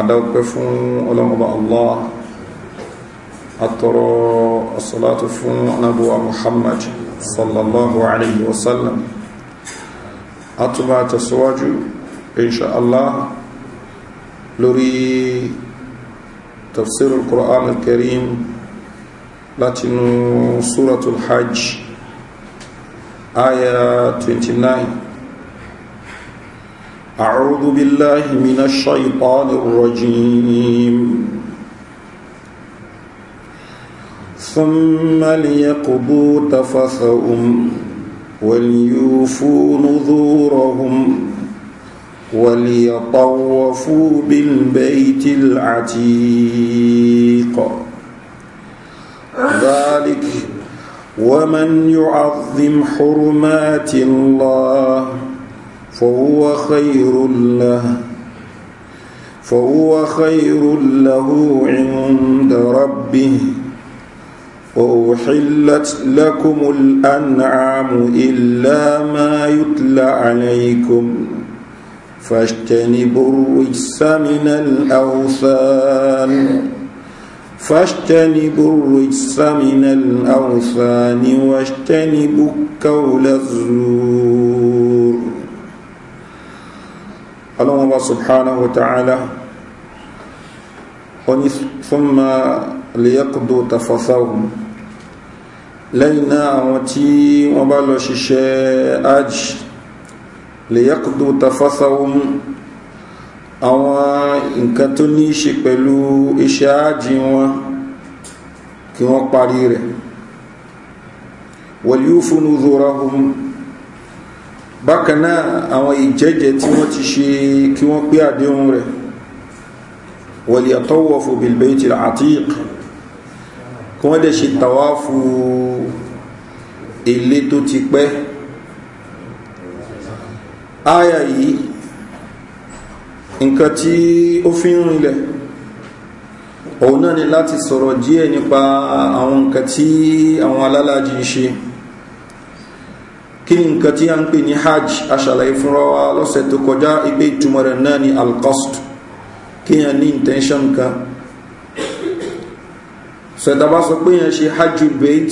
adáwọ̀pẹ́ fún ọlọ́mọba allah atọrọ asọ́látò fún anábúwa muhammad sallallahu alayhi wasallam atúbà tẹ̀síwájú inṣa'allá lórí tafsirul qur'an al-karim látinú suratul hajj aya 29 أعوذ بالله من الشيطان الرجيم ثم ليقضوا تفثهم وليوفوا نذورهم وليطوفوا بالبيت العتيق ذلك ومن يعظم حرمات الله فهو خير له فهو خير له عند ربه وأحلت لكم الأنعام إلا ما يتلى عليكم فاجتنبوا الرجس من الأوثان فاجتنبوا الرجس من الأوثان واجتنبوا كول الزور ọlọ́wọ́n bá subhanahu wa ta'ala oní thumma liyaqdu tafathahum lẹ́yìn náà àwọn tí wọ́n bá lọ ṣiṣẹ́ ajj liyaqdu tafathahum àwọn nǹkan tó ní ṣe pẹ̀lú iṣẹ́ ajj wọn kí wọ́n parí rẹ̀ wal yufu nuzurahum bákan náà àwọn ìjẹ́jẹ́ tí wọ́n ti ṣe kí wọ́n pé àdéhùn rẹ̀ wọ̀lìyàtọ́wọ̀fù bilbaitil atiq kí wọ́n dẹ̀ ṣe tàwáfù ilé tó ti pẹ́ áyà yìí nǹkan tí ó fi ń rinlẹ̀ òun náà ni láti sọ̀rọ̀ díẹ̀ nípa àwọn nǹkan tí àwọn alálàájì ń ṣe kí ni nǹkan tí a ń pè ní hajj aṣàlàyé fúnra wa lọ́sẹ̀ tó kọjá ìgbé ìtumọ̀ rẹ̀ náà ni alcost kí yẹn ní intention kan sọ̀tàbá sọ pé yẹn ṣe hajj bait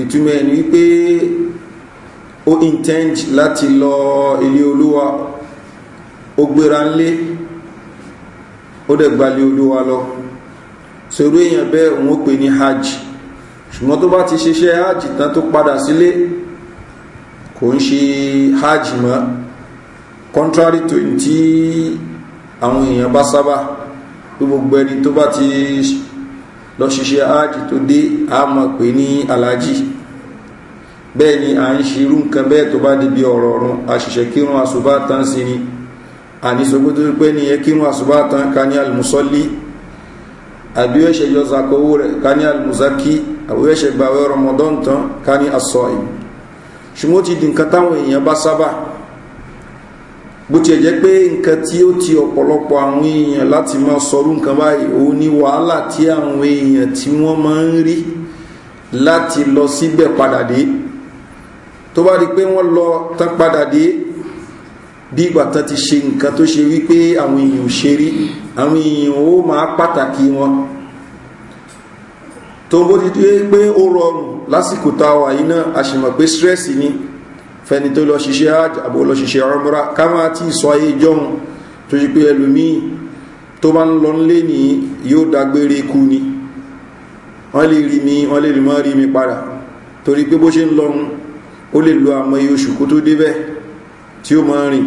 ìtumọ̀ ẹ̀ ni wípé ó intend láti lọ ilé olúwa ó gbéra ńlé ó dẹ̀ gbalé olúwa lọ sọ̀rọ̀ èèyàn bẹ́ẹ̀ òun ó pè ní hajj ṣùgbọ́n tó bá ti ṣiṣẹ́ hajj tán tó padà sílé kò ń ṣe hajj mọ́ contrary to ti àwọn èèyàn bá sábà pé gbogbo ẹni tó bá ti lọ ṣiṣẹ́ hajj tó dé a mọ̀ pé ní alájì bẹ́ẹ̀ ni a ń ṣe irú nǹkan bẹ́ẹ̀ tó bá débi ọ̀rọ̀ ọ̀run àṣìṣe kírun àṣùbá tán sí ni àníṣogbó tó pé ní ẹkírun àṣùbá tán ká ní alùmùsọ́lí àbí ẹ̀ṣẹ̀ yọ rẹ̀ ká ní alùmùsákí àbí ẹ̀ṣẹ̀ gbàwẹ́ rọmọdọ́ntán ká ní asọ́ìmù ṣùgbọ́n ó ti di nǹkan táwọn èèyàn bá sábà bó tiẹ̀ jẹ́ pé nǹkan tí ó ti ọ̀pọ̀lọpọ̀ àwọn èèyàn láti máa sọrú nǹkan báyìí òun ni wàhálà tí àwọn èèyàn tí wọ́n máa ń rí láti lọ síbẹ̀ padà dé tó bá di pé wọ́n lọ tán padà dé bí ìgbà tán ti ṣe nǹkan tó ṣe wípé àwọn èèyàn ò ṣe rí àwọn èèyàn ó máa pàtàkì wọn tó ń bó ti dé pé ó rọrùn lásìkò tá yìí náà a sì mọ̀ pé stress ni fẹni tó lọ ṣiṣẹ́ hajj àbò lọ ṣiṣẹ́ ọmọra ká máa tí sọ ayé jọun tó ṣe pé ẹlòmíì tó bá ń lọ nílé ní yóò dágbére ikú ni wọ́n lè rí mi wọ́n lè rí mọ́ rí mi padà torí pé bó ṣe ń lọrun ó lè lo àmọ́ iye oṣù kó tó débẹ̀ tí ó máa rìn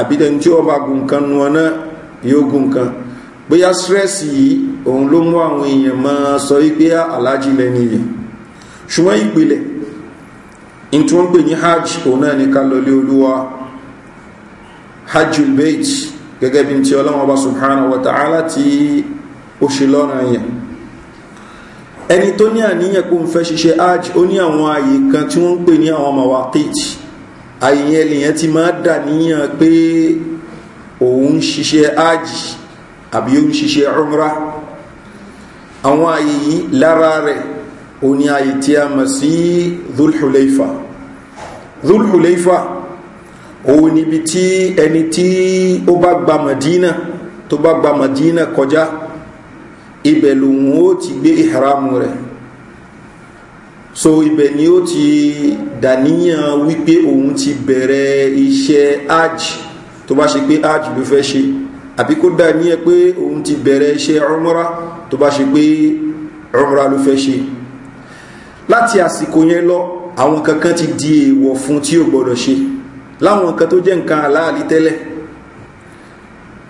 àbítẹni tí ó bá gùn kan nu ọ náà yóò gùn kan bóyá stress yìí òun ló mú àwọn èèyàn máa sọ wípé ah, aláàjì lẹ́ni yẹn ṣùgbọ́n ìpìlẹ̀ in tí wọ́n pè ní hajj òun náà ní ká lọlé olúwa hajjul bait gẹ́gẹ́ bí ti ọlọ́wọ́n ọba subhanahu wa ta'ala ti ó ṣe lọ́nà yẹn ẹni tó ní àníyàn kó ń fẹ́ ṣiṣẹ́ hajj ó ní àwọn ààyè kan tí wọ́n pè ní àwọn mawaqit ààyè yẹn lèyàn ti máa dà níyàn pé òun ṣiṣẹ́ hajj àbí ó ń ṣiṣẹ́ umra àwọn ààyè yìí lára rẹ̀ ó ní ààyè tí a mọ̀ sí dhulhuleifa dhulhuleifa òun níbi tí ẹni tí ó bá gba madina tó bá gba madina kọjá ibẹ̀ lòun ó ti gbé ìhàrámù rẹ̀ so ibẹ̀ ni ó ti dàníyàn wípé òun ti bẹ̀rẹ̀ iṣẹ́ hajj tó bá ṣe pé hajj ló fẹ́ ṣe àbí kó dá ní ẹ pé òun ti bẹ̀rẹ̀ iṣẹ́ ọmọra tó bá ṣe pé ọmọra ló fẹ́ ṣe láti àsìkò yẹn lọ àwọn kankan ti di èèwọ̀ fún tí ó gbọ́dọ̀ ṣe láwọn nǹkan tó jẹ́ nǹkan aláàlí tẹ́lẹ̀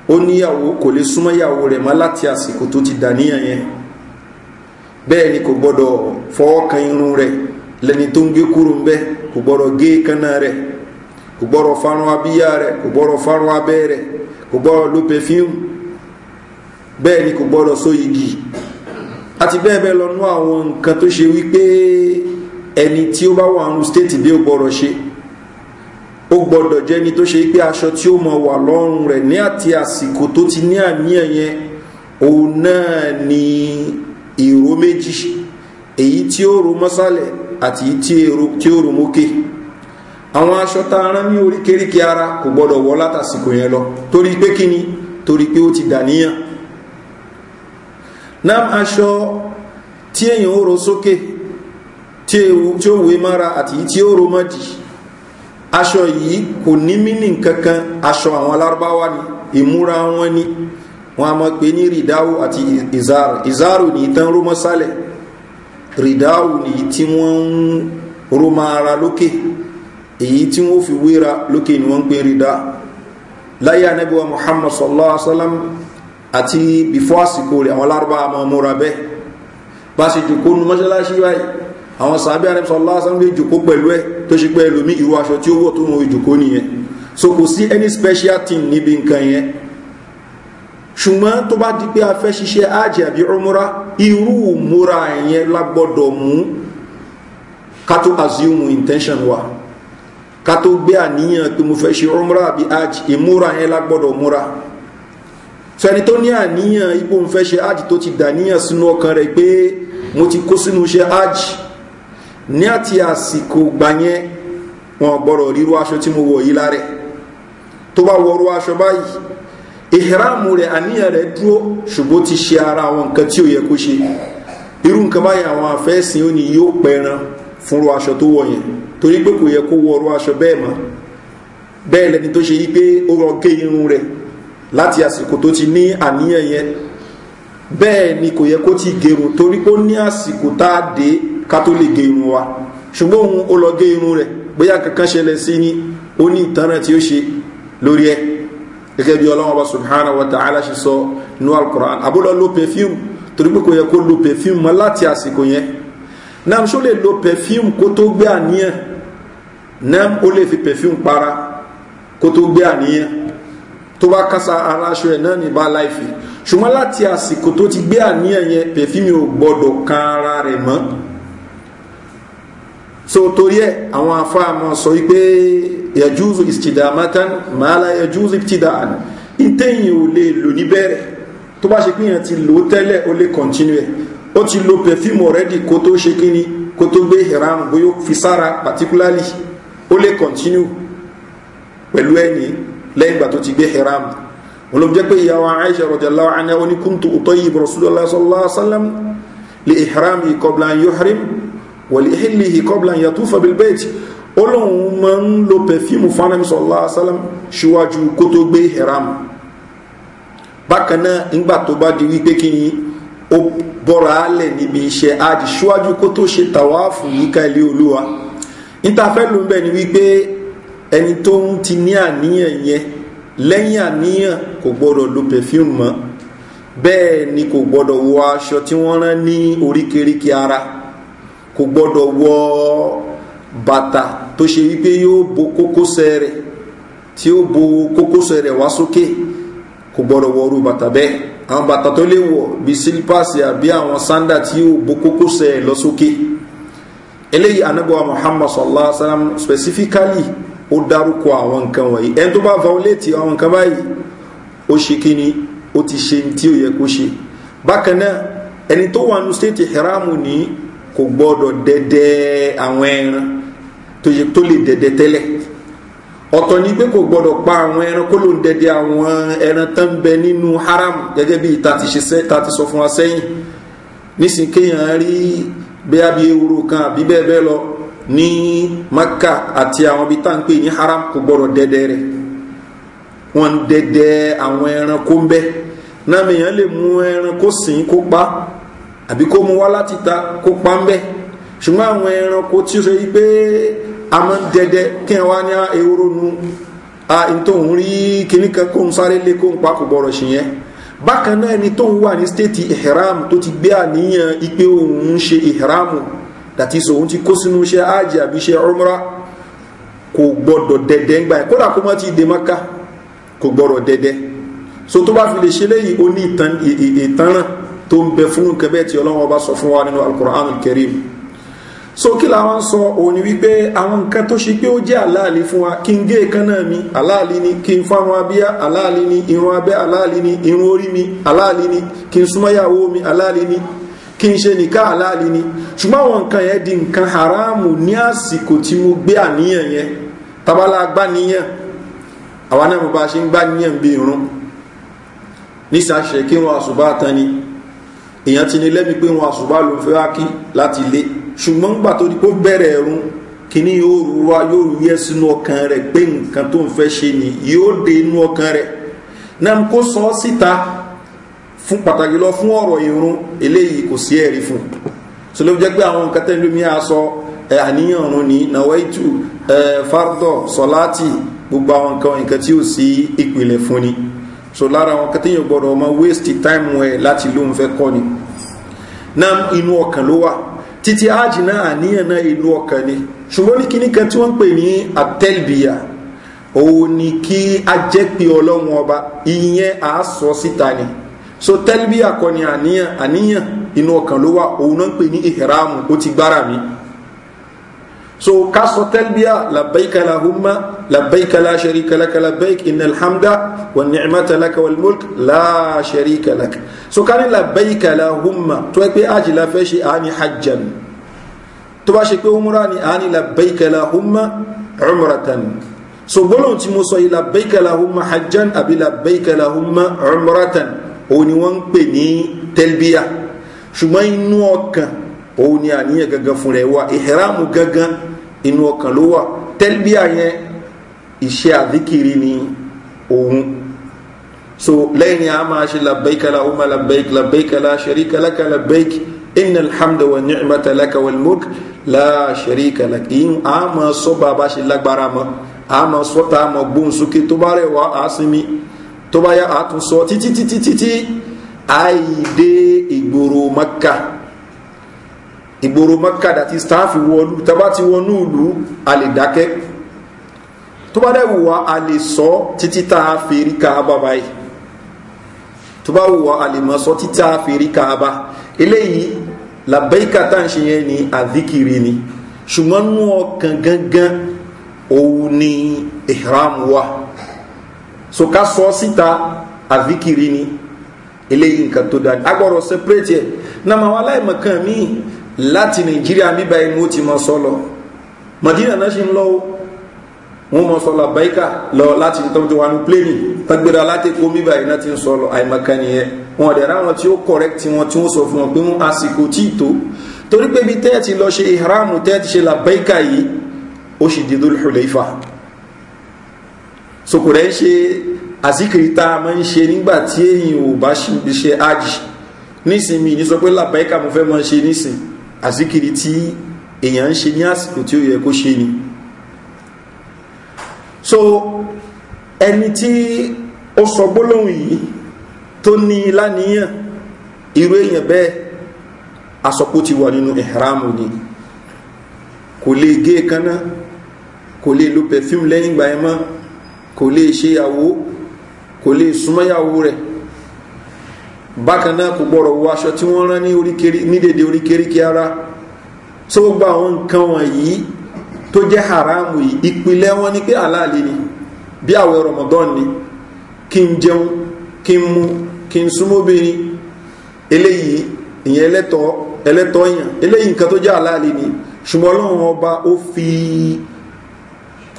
ó níyàwó kò lè súnmọ́ ìyàwó rẹ̀ mọ́ láti àsìkò tó ti dàníyàn yẹn bẹ́ẹ̀ ni kò gbọ́dọ̀ fọwọ́ kan irun rẹ̀ lẹ́ni tó ń gé kúrò ń bẹ́ kò gbọ́dọ̀ gé kanna rẹ̀ kò gbọ́dọ̀ farun abíyá rẹ̀ kò gbọ́dọ̀ farun abẹ́ rẹ̀ kò gbọ́dọ̀ lo perfume bẹ́ẹ̀ ni kò gbọ́dọ̀ so igi àti bẹ́ẹ̀ bẹ́ẹ̀ lọ nú àwọn nǹkan tó ṣe wípé ẹni tí ó bá wà nù stéètì bí ó gbọ́dọ̀ ṣe ó gbọ́dọ̀ jẹ́ ni tó ṣe pé aṣọ tí ó mọ̀ wà lọ́rùn rẹ̀ ní àti àsìkò tó ti ní àníyàn yẹn òun náà ni ìró méjì èyí tí ó ro mọ́sálẹ̀ àti èyí tí ó ro mókè. Okay àwọn aṣọ tá a rán ní oríkèéríkè ara kò gbọdọ̀ wọ̀ látàsìkò yẹn lọ torí pé kíni torí pé ó ti dàníyàn náà aṣọ tí èèyàn ó ro sókè tí ó wé mára àti tí ó ro mọ́dì aṣọ yìí kò ní mínì kankan aṣọ àwọn alárúbáwá ni ìmúra wọn ni wọn a máa pè ní rìdáwò àti ìzáàrò ìzáàrò ní ìtàn rómọ́sálẹ̀ rìdáwò ní tí wọ́n ń ró máa ra lókè. Okay èyí tí wọ́n fi wéra lókè ni wọ́n ń pè rídá láyé anábíwá muhammad sallallahu alaihi wasallam àti bifọ́ àsìkò rẹ̀ àwọn lárúbá àmọ́ múra bẹ́ẹ̀ bá sì jòkó nu mọ́ṣáláṣí báyìí àwọn sàbí anábí sallallahu alaihi wasallam lè jòkó pẹ̀lú ẹ̀ tó ṣe pé ẹlòmí irú aṣọ tí ó wọ̀ tó wọn jòkó nìyẹn so kò sí any special thing intention wa ká tó gbé àníyàn pé mo fẹ́ ṣe umra àbí hajj ìmúra yẹn lágbọ́dọ̀ múra so ẹni tó ní àníyàn ipò ń fẹ́ ṣe hajj tó ti dàníyàn sínú ọkàn rẹ̀ pé mo ti kó sínú ṣe hajj ní àti àsìkò gbà yẹn wọn gbọ́dọ̀ ríru aṣọ tí mo wọ̀ yìí lárẹ̀ tó bá wọrú aṣọ báyìí ìhìrámù rẹ̀ àníyàn rẹ̀ dúró ṣùgbọ́n ti ṣe ara àwọn nǹkan tí ò yẹ kó ṣe irú nǹkan báyìí àwọn àfẹ́sìn ó ní yóò pẹran fúnrú aṣọ tó wọ yẹn torí pé kò yẹ kó wọ ọrú aṣọ bẹ́ẹ̀ mọ́ bẹ́ẹ̀ lẹni tó ṣe yí pé ó rọ gé irun rẹ̀ láti àsìkò tó ti ní àníyàn yẹn bẹ́ẹ̀ ni kò yẹ kó ti gerun torí pé ó ní àsìkò tá a dé ká tó lè gé irun wa ṣùgbọ́n ó lọ gé irun rẹ̀ bóyá kankan ṣẹlẹ̀ sí ni ó ní ìtanràn tí ó ṣe lórí ẹ̀ gẹ́gẹ́ bí ọlọ́wọ́n bá subhanahu wa ta'ala ṣe sọ nínú alukur'an abúlọ́ lo perfume torí pé kò yẹ kó lo perfume mọ́ láti àsìkò yẹn nam ṣó lè lo perfume kó tó gbé àníyàn nam ó lè fi perfume para kó tó gbé àníyàn tó bá kásá ara aṣọ ẹ̀ náà ní bá láìfi ṣùgbọ́n láti àsìkò tó ti gbé àníyàn yẹn perfume ò gbọ́dọ̀ kan ara rẹ̀ mọ́ so torí ẹ àwọn afáàmọ sọ wípé yajuzu istidamatan màálà yajuzu ibtidaan ìtẹ̀yìn ò lè lò níbẹ̀rẹ̀ tó bá ṣe pé yẹn ti lò ó tẹ́lẹ̀ ó lè continue ó ti lo perfume already kó tó ṣe kíni kó tó gbé ihram bóyá fi sára particularly ó lè continue pẹ̀lú ẹni lẹ́yìn ìgbà tó ti gbé ihram olóòjẹ́ jẹ́ pé ìyàwó Aisha radiyallahu anha ó ní kuntu utayyib Rasulullah sallallahu alaihi wasallam li ihrami qabla an yuhrim wa li ihlihi qabla an yatufa bil bayt olóhun ń lo pẹ̀fíìmù fánàmì sallallahu alaihi wasallam ṣíwájú kó tó gbé ihram bákan náà ńgbà tó bá di wípé kí ó bọ́ra alẹ̀ níbi iṣẹ́ hajj ṣíwájú kó tó ṣe tàwáàfù yíká ilé olúwa nítafẹ́ ló ń bẹ̀ ni wípé ẹni tó ń ti ní àníyàn yẹn lẹ́yìn àníyàn kò gbọ́dọ̀ lo perfume mọ́ bẹ́ẹ̀ ni kò gbọ́dọ̀ wọ aṣọ tí wọ́n rán ní oríkèéríkèé ara kò gbọ́dọ̀ wọ bàtà tó ṣe wípé yóò bo kókósẹ̀ rẹ̀ tí ó bo kókósẹ̀ rẹ̀ wá sókè kò gbọ́dọ̀ wọ orú bàtà bẹ́ẹ̀ àwọn bàtà tó lè wọ̀ bí sílípàsì àbí àwọn sándà tí yóò bo kókósẹ̀ lọ sókè eléyìí anábọ̀wá muhammad sallallahu alaihi wa sallam specifically ó dárúkọ àwọn nǹkan wọ̀nyí ẹni tó bá violate àwọn nǹkan báyìí ó ṣe kí ni ó ti ṣe tí ó yẹ kó ṣe bákan náà ẹni tó wà nù stéètì haramu ní kò gbọ́dọ̀ dẹ́dẹ́ àwọn ẹran tó lè dẹ́dẹ́ tẹ́lẹ̀ ọ̀tọ̀ ni pé kò gbọ́dọ̀ pa àwọn ẹran kó ló ń dẹdẹ àwọn ẹran tó ń bẹ nínú haram gẹ́gẹ́ bí ta ti sọ fún wa sẹ́yìn nísìn kéèyàn rí bẹ́ẹ̀ bí ewúro kan àbí bẹ́ẹ̀ bẹ́ẹ̀ lọ ní maka àti àwọn ibi tá à ń pè ní haram kò gbọ́dọ̀ dẹdẹ rẹ̀ wọ́n ń dẹdẹ àwọn ẹran kó ń bẹ náà mèèyàn lè mú ẹran kó sìn kó pa àbí kó mú wá láti ta kó pa ń bẹ ṣùgbọ́n àwọn ẹranko tí ó ṣe yí pé àmọ́ ń dẹdẹ kí wọ́n wá ní ah, ewúro nu ah, tóun rí kíní kan kó ń sáré lé kó ń pa kò gbọ́rọ̀ sí yẹn bákan náà ni tóun wà ní stéètì ihram tó ti gbé àníyàn ipe òun ń ṣe ihram dàtí sọ òun ti kó sínú iṣẹ́ ájì àbí iṣẹ́ umra kò gbọ́dọ̀ dẹdẹ ń gbà yẹn kódà kó má ti dé maka kò gbọ́dọ̀ dẹdẹ so tó bá fi lè ṣe léyìí ó ní ìtanràn tó ń bẹ fún nǹkan bẹ́ẹ̀ tí ọlọ́run ọba sọ fún wa nínú alukur'an kẹrìm so kí làwọn sọ òun ni wípé àwọn nǹkan tó ṣe pé ó jẹ́ aláàlì fún wa kí n gé èékánná mi aláàlì ni kí n fárun abíyá aláàlì ni irun abẹ́ aláàlì ni irun orí mi aláàlì ni kí n súnmọ́yàwó mi aláàlì ni kí n ṣe nìkan aláàlì ni ṣùgbọ́n àwọn nǹkan yẹn di nǹkan haramu ní àsìkò tí mo gbé àníyàn yẹn tabala agbáníyàn àwa náà mo bá ṣe ń gbáníyàn bí irun nísàṣẹ kí wọn àṣùbà tán ni èèyàn ti ní lẹ́mi pé wọn àṣùbà ló fẹ́ wá kí láti lé ṣùgbọ́n gbà tó di kó bẹ̀rẹ̀ ẹ̀rún kíní yóò rú wa yóò rú yẹ sínú ọkàn rẹ̀ pé nǹkan tó ń fẹ́ ṣe ni yóò dé inú ọkàn rẹ̀ náà kó sọ ọ́ síta fún pàtàkì lọ fún ọ̀rọ̀ ìrun eléyìí kò sí ẹ̀rí fún so ló jẹ́ pé àwọn nǹkan tẹ́lú mi á sọ àníyàn ọ̀run ní nawaitu fardọ sọláàtì gbogbo àwọn nǹkan nǹkan tí ò sí ìpìlẹ̀ fún ni so lára àwọn nǹkan téèyàn gbọ́dọ̀ ọmọ waste time wẹ̀ láti lóun fẹ́ kọ́ ni náà inú ọkàn ló wà títí ájì náà àníyàn náà ìlú ọkàn ni ṣùgbọ́n ní kíní kan tí wọ́n ń pè ní àtẹ́lbìyà òun ni kí a jẹ́ pé ọlọ́run ọba ìyẹn à síta ni so tẹ́lbìyà kọ́ ni àníyàn àníyàn inú ọkàn ló wà òun náà ń pè ní ìhẹ̀ráàmù ó ti gbára mi so ká sọ tẹ́lbíà labbaika lahumma labbaika la sharika laka labbaik inna alhamda wa ni'mata laka wal mulk la sharika laka so ká ní labbaika lahumma tó ẹ pé ájì la fẹ́ ṣe àání hajjan tó bá ṣe pé umra ni àání labbaika lahumma umratan so gbólóhùn tí mo sọ yìí labbaika lahumma hajjan àbí labbaika lahumma umratan òun ni wọ́n ń pè ní tẹ́lbíà ṣùgbọ́n inú ọkàn òun ni àníyàn gangan fún rẹ̀ wá ìhẹ́ráàmù gangan inú ọkàn ló wà tẹ́lbíà yẹn iṣẹ́ àdíkiri ni òun so lẹ́yìn a máa ṣe labbaik la umar labbaik labbaik la sharika laka labbaik inna alhamdu wa ni'mata laka wal mulk la sharika laka yìí a máa sọ bàbá ṣe lágbára mọ́ a máa sọ tá a máa gbóhùn sókè tó bá rẹ̀ wá a sinmi tó bá yá a tún sọ títí títí títí àìdé ìgboro Makkah ìgboro mọ́kàdà tí staff wọlú tàbá ti wọnú ìlú a lè dákẹ́ tó bá dẹ̀ wùwá a lè sọ títí tá a fèrí kaaba báyìí tó bá wùwá a lè mọ̀ sọ títí tá a fèrí kaaba eléyìí làbẹ́ìkà tá à ń ṣe yẹn ní àdíkiri ni ṣùgbọ́n nú ọkàn gangan òun ni ihram wa so ká sọ síta àdíkiri ni eléyìí nǹkan tó dáa agbọ́dọ̀ separate ẹ̀ náà màwọn aláìmọ̀kan míì láti Nigeria níbà inú ó ti mọ sọlọ madina náà ṣe ń lọ wọn mọ sọlọ àbáyíká lọ láti tọ́jú wa ní pléènì tagbéra láti kó míbà iná ti ń sọlọ àìmọ̀kan nìyẹn wọn dẹ̀ ráwọn tí ó correct wọn tí wọ́n sọ fún wọn pé wọn àsìkò tí ì tó torí pé bí tẹ́ẹ̀ ti lọ ṣe ìhàrámù tẹ́ẹ̀ ti ṣe làbáyíká yìí ó sì di Dhul Hulaifa so kò ń ṣe àsìkiri máa ń ṣe nígbà tí èyí ò bá ṣe aj nísìnyí ní sọ pé làbáyíká mo fẹ́ máa ṣe nísìnyí àsíkiri tí èèyàn ń ṣe ní àsìkò tí ó yẹ kó ṣe ni so ẹni tí ó sọ gbólóhùn yìí tó ní láníyàn irú èèyàn bẹ́ẹ̀ asọ̀pó ti wà nínú ìhàrámù ni kò lè gé kaná kò lè lo perfume lẹ́yìn ìgbà ẹ̀ kò lè ṣe ìyàwó kò lè súnmọ́ ìyàwó rẹ̀ bákan náà kò gbọ́dọ̀ wọ aṣọ tí wọ́n rán ní oríkèrí ní dèdè oríkèríkè ara so gbogbo àwọn nǹkan wọ̀nyí tó jẹ́ haramu yìí ìpìlẹ̀ wọn ni pé aláàlì ni bí àwẹ̀ Ramadan ni kí n jẹun kí n mu kí n súnmọ́bìnrin eléyìí ìyẹn ẹlẹ́tọ̀ ẹlẹ́tọ̀ yàn eléyìí nǹkan tó jẹ́ aláàlì ni ṣùgbọ́n Ọlọ́run ọba ó fi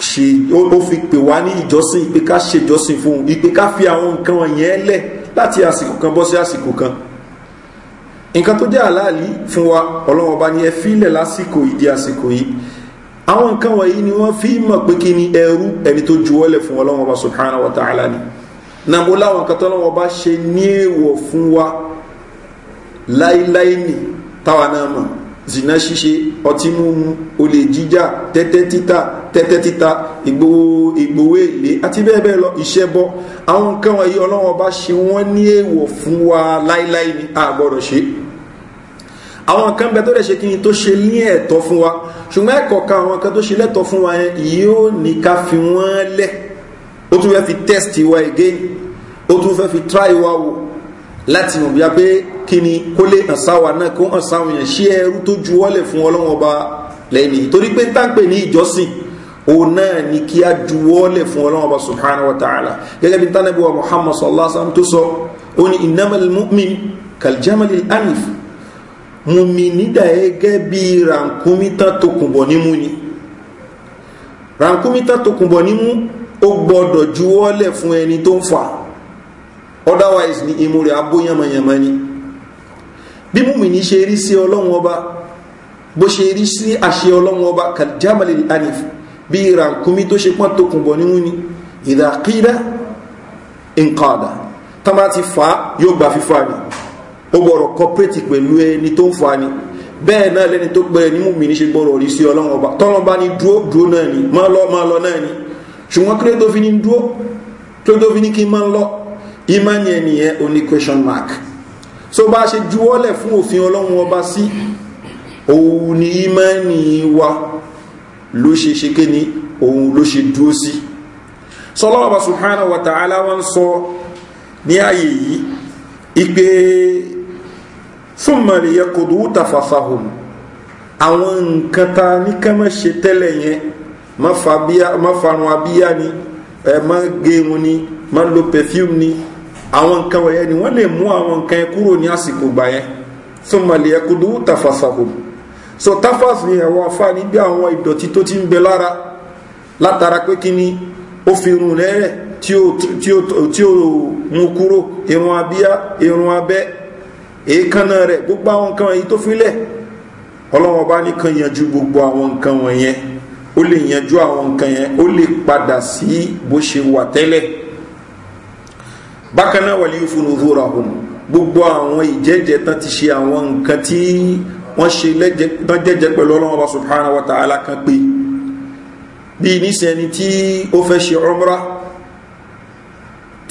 ṣe ó fi pè wá ní ìjọsìn ìpè ká ṣèjọsìn fún un ìpè ká fi àwọn nǹkan wọ̀nyẹn lẹ̀ láti àsìkò kan bọ́ sí àsìkò kan nǹkan tó jẹ́ àláàlí fún wa ọlọ́wọ́n bá ní ẹ fílẹ̀ lásìkò ìdí àsìkò yìí àwọn nǹkan wọ̀nyí ni wọ́n fi mọ̀ pé kí ni ẹrú ẹni tó juwọ́lẹ̀ fún ọlọ́wọ́n bá subhanahu wa ta'ala ni nàbó láwọn nǹkan tọ́lọ́wọ́n bá ṣe ní èèwọ̀ fún wa láíláí ni táwa náà mọ̀ zina ṣíṣe ọtí mímu olè jíjà tẹ́tẹ́ títà tẹ́tẹ́ títà ìgbowó ìgbowó èlé àti bẹ́ẹ̀ bẹ́ẹ̀ lọ iṣẹ́ bọ́ àwọn nǹkan wọ̀nyí ọlọ́wọ́n bá ṣe wọ́n ní èèwọ̀ fún wa láíláí ni a gbọ́dọ̀ ṣe àwọn nǹkan bẹ tó dẹ̀ ṣe kí ni tó ṣe ní ẹ̀tọ́ fún wa ṣùgbọ́n ẹ̀kọ́ àwọn nǹkan tó ṣe lẹ́tọ́ fún wa yẹn yóò ní ká fi wọ́n lẹ̀ ó tún fẹ́ fi test wa again ó tún fẹ́ fi try wa wò láti mọ̀ bí wá pé kini kole lè hàn sáwà náà kó hàn sáwọn èèyàn ṣí ẹrú tó ju wọ́lẹ̀ fún ọlọ́wọ́n ọba lẹ́yìn torí pé táǹpẹ̀ ní ìjọsìn òun náà ni kí a juwọ́lẹ̀ fún ọlọ́run ọba subhanahu wa ta'ala gẹ́gẹ́ bí tánàbí wa muhammad sallallahu alaihi wasallam tó sọ ó ní innamal mu'min kaljamali anif mumi nídà gẹ́gẹ́ bí rankumita tokunbọ̀ nímú ni rankumita tokunbọ̀ nímú ó gbọ́dọ̀ juwọ́lẹ̀ fún ẹni tó ń fa otherwise ni imú rẹ̀ abóyàmọ̀yàmọ̀ ni bí múmìnì ṣe rí sí ọlọ́run ọba bó ṣe rí sí àṣẹ ọlọ́run ọba kàjámàlì anif bí ìrànkúmí tó ṣe pọ́n tókùn bọ̀ níwú ni ìdàkídá nǹkanàdà tá bá ti fà á yóò gbà fífà ni ó gbọ́rọ̀ kọ́pẹ́tì pẹ̀lú ẹni tó ń fà ni bẹ́ẹ̀ náà lẹ́ni tó pẹ̀rẹ̀ ní múmìnì ṣe gbọ́rọ̀ rí sí ọlọ́run ọba tọ́lọ́n bá ní dúró dúró náà ni máa lọ máa lọ náà ni ṣùgbọ́n kílé tó fi ní dúró kílé tó fi ní kí máa ń lọ ìmánìyàn nìyẹn ó question mark so bá ṣe juwọ́lẹ̀ fún òfin ọlọ́run ọba sí òun ni ìmánì wa ló ṣe ṣe ké ní òun ló ṣe dúró sí sọlọ́wọ́ bá subhanahu wa ta'ala wọ́n sọ ní ààyè yìí ipe thumma liyaqdu tafathahum àwọn nǹkan ta ní ká má ṣe tẹ́lẹ̀ yẹn má farun abíyá ni ẹ má gẹrun ni má lo perfume ni àwọn nǹkan wọ̀nyẹn ni wọ́n lè mú àwọn nǹkan yẹn kúrò ní àsìkò gbà yẹn thumma liyakudu tafasahum so tafas ni ẹ̀wọ̀n afá níbi àwọn ìdọ̀tí tó ti ń bẹ lára látara pé kí ni ó fi irun rẹ̀ rẹ̀ tí ó mú kúrò irun abíyá irun abẹ́ èékánná rẹ̀ gbogbo àwọn nǹkan yìí tó filẹ̀ ọlọ́wọ́n bá ní kan yanjú gbogbo àwọn nǹkan wọ̀nyẹn ó lè yanjú àwọn nǹkan yẹn ó lè padà sí bó ṣe wà tẹ́lẹ̀ bákan náà wàlíyù fún òzúra hùn gbogbo àwọn ìjẹ́jẹ́ tán ti ṣe àwọn nǹkan tí wọ́n ṣe tán jẹ́jẹ́ pẹ̀lú ọlọ́wọ́n bá subhanahu wa ta'ala kan pé bí nísẹni tí ó fẹ́ ṣe umra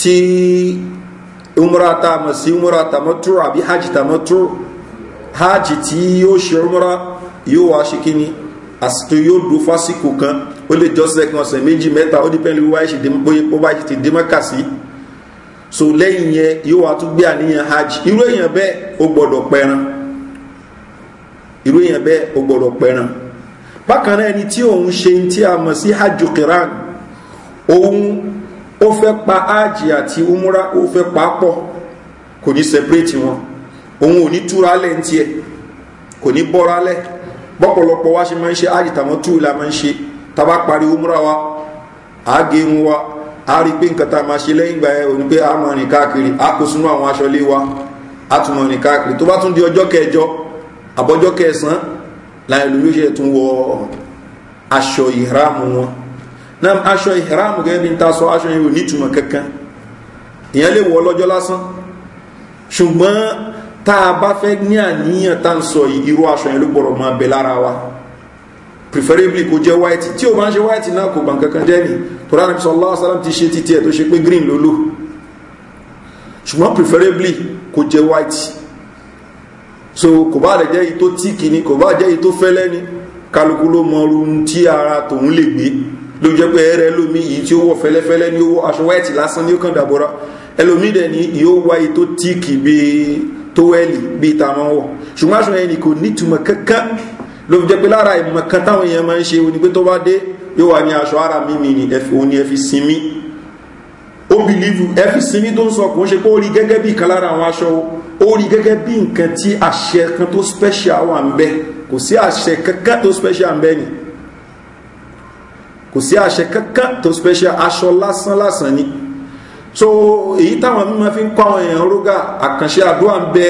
tí umra ta mọ̀ sí umra tamattu àbí hajj tamattu hajj tí yóò ṣe umra yóò wá ṣe kíni àsìkò yóò do fásitì kan ó lè jọ́sẹ̀ kan ọ̀sẹ̀ méjì mẹ́ta ó dípẹ́ lè wáyé ṣe dé mọ́kà sí so lẹ́yìn yẹn yóò wá tún gbé àníyàn hajj irú èèyàn bẹ́ẹ̀ ó gbọ́dọ̀ pẹran irú èèyàn bẹ́ẹ̀ ó gbọ́dọ̀ pẹran bákan náà ẹni tí òun ṣe tí a mọ̀ sí hajj qiran òun ó fẹ́ pa hajj àti umra ó fẹ́ pa pọ̀ kò ní separate wọn òun ò ní túra lẹ́ ní tiẹ̀ kò ní bọ́ra lẹ́ bọ́pọ̀lọpọ̀ wá ṣe máa ń ṣe hajj tàmọ́tù la máa ń ṣe tá parí umra wa àágé ń wa a rí pé nǹkan tá a máa ṣe lẹ́yìn ìgbà ẹ̀ òní pé a mọ̀ rìn káàkiri a kò sínú àwọn aṣọ lé wa a tún mọ̀ rìn káàkiri tó bá tún di ọjọ́ kẹjọ àbọ̀jọ́ kẹsàn-án láyé lómi ṣe tún wọ aṣọ ìhìrámù wọn náà aṣọ ìhìrámù gẹ́gẹ́ bí n ta sọ aṣọ yẹn ò nítumọ̀ kankan ìyẹn lè wọ ọlọ́jọ́ lásán ṣùgbọ́n tá a bá fẹ́ ní àníyàn tá à sọ yìí irú aṣọ yẹn ló gbọ́dọ̀ máa bẹ lára wa preferably kò jẹ́ white tí o bá ń ṣe white náà kò gbà kankan jẹ́ ni tọ́lá sọ aláwọ̀ sálám ti ṣe títí ẹ̀ tó ṣe pé green ló lò ṣùgbọ́n preferably kò jẹ́ white so kò bá rẹ̀ jẹ́ itó tíìkì ni kò bá jẹ́ itó fẹ́lẹ́ ni kálukú ló mọ ohun tí ara tòun lè gbé ló jẹ́ pé ẹ̀rẹ́ lómi yìí tí ó wọ̀ fẹ́lẹ́fẹ́lẹ́ ni ó aṣọ white lásán ni ó kàn dàbọ̀ra ẹlòmíì dẹ̀ ni yóò wá itó tíìkì bíi tówẹ́lì bíi tàmọ́wọ̀ ṣùgbọ́n aṣọ yẹn ni kò nítumọ̀ kankan ló fi jẹ́ pé lára ìmọ̀ kan táwọn èèyàn máa ń ṣe onígbé tó bá dé yóò wà ní aṣọ ara mímì ni òun ni ẹ fi sinmi ó bìlíìfù ẹ fi sinmi tó ń sọ kò ń ṣe pé ó rí gẹ́gẹ́ bí kan lára àwọn aṣọ ó rí gẹ́gẹ́ bí nǹkan tí àṣẹ kan tó special wà ń bẹ kò sí àṣẹ kankan tó special ń bẹ ni kò sí àṣẹ kankan tó special aṣọ lásán lásán ni so èyí táwọn mímọ fi ń kọ àwọn èèyàn rógà àkànṣe àdúrà ń bẹ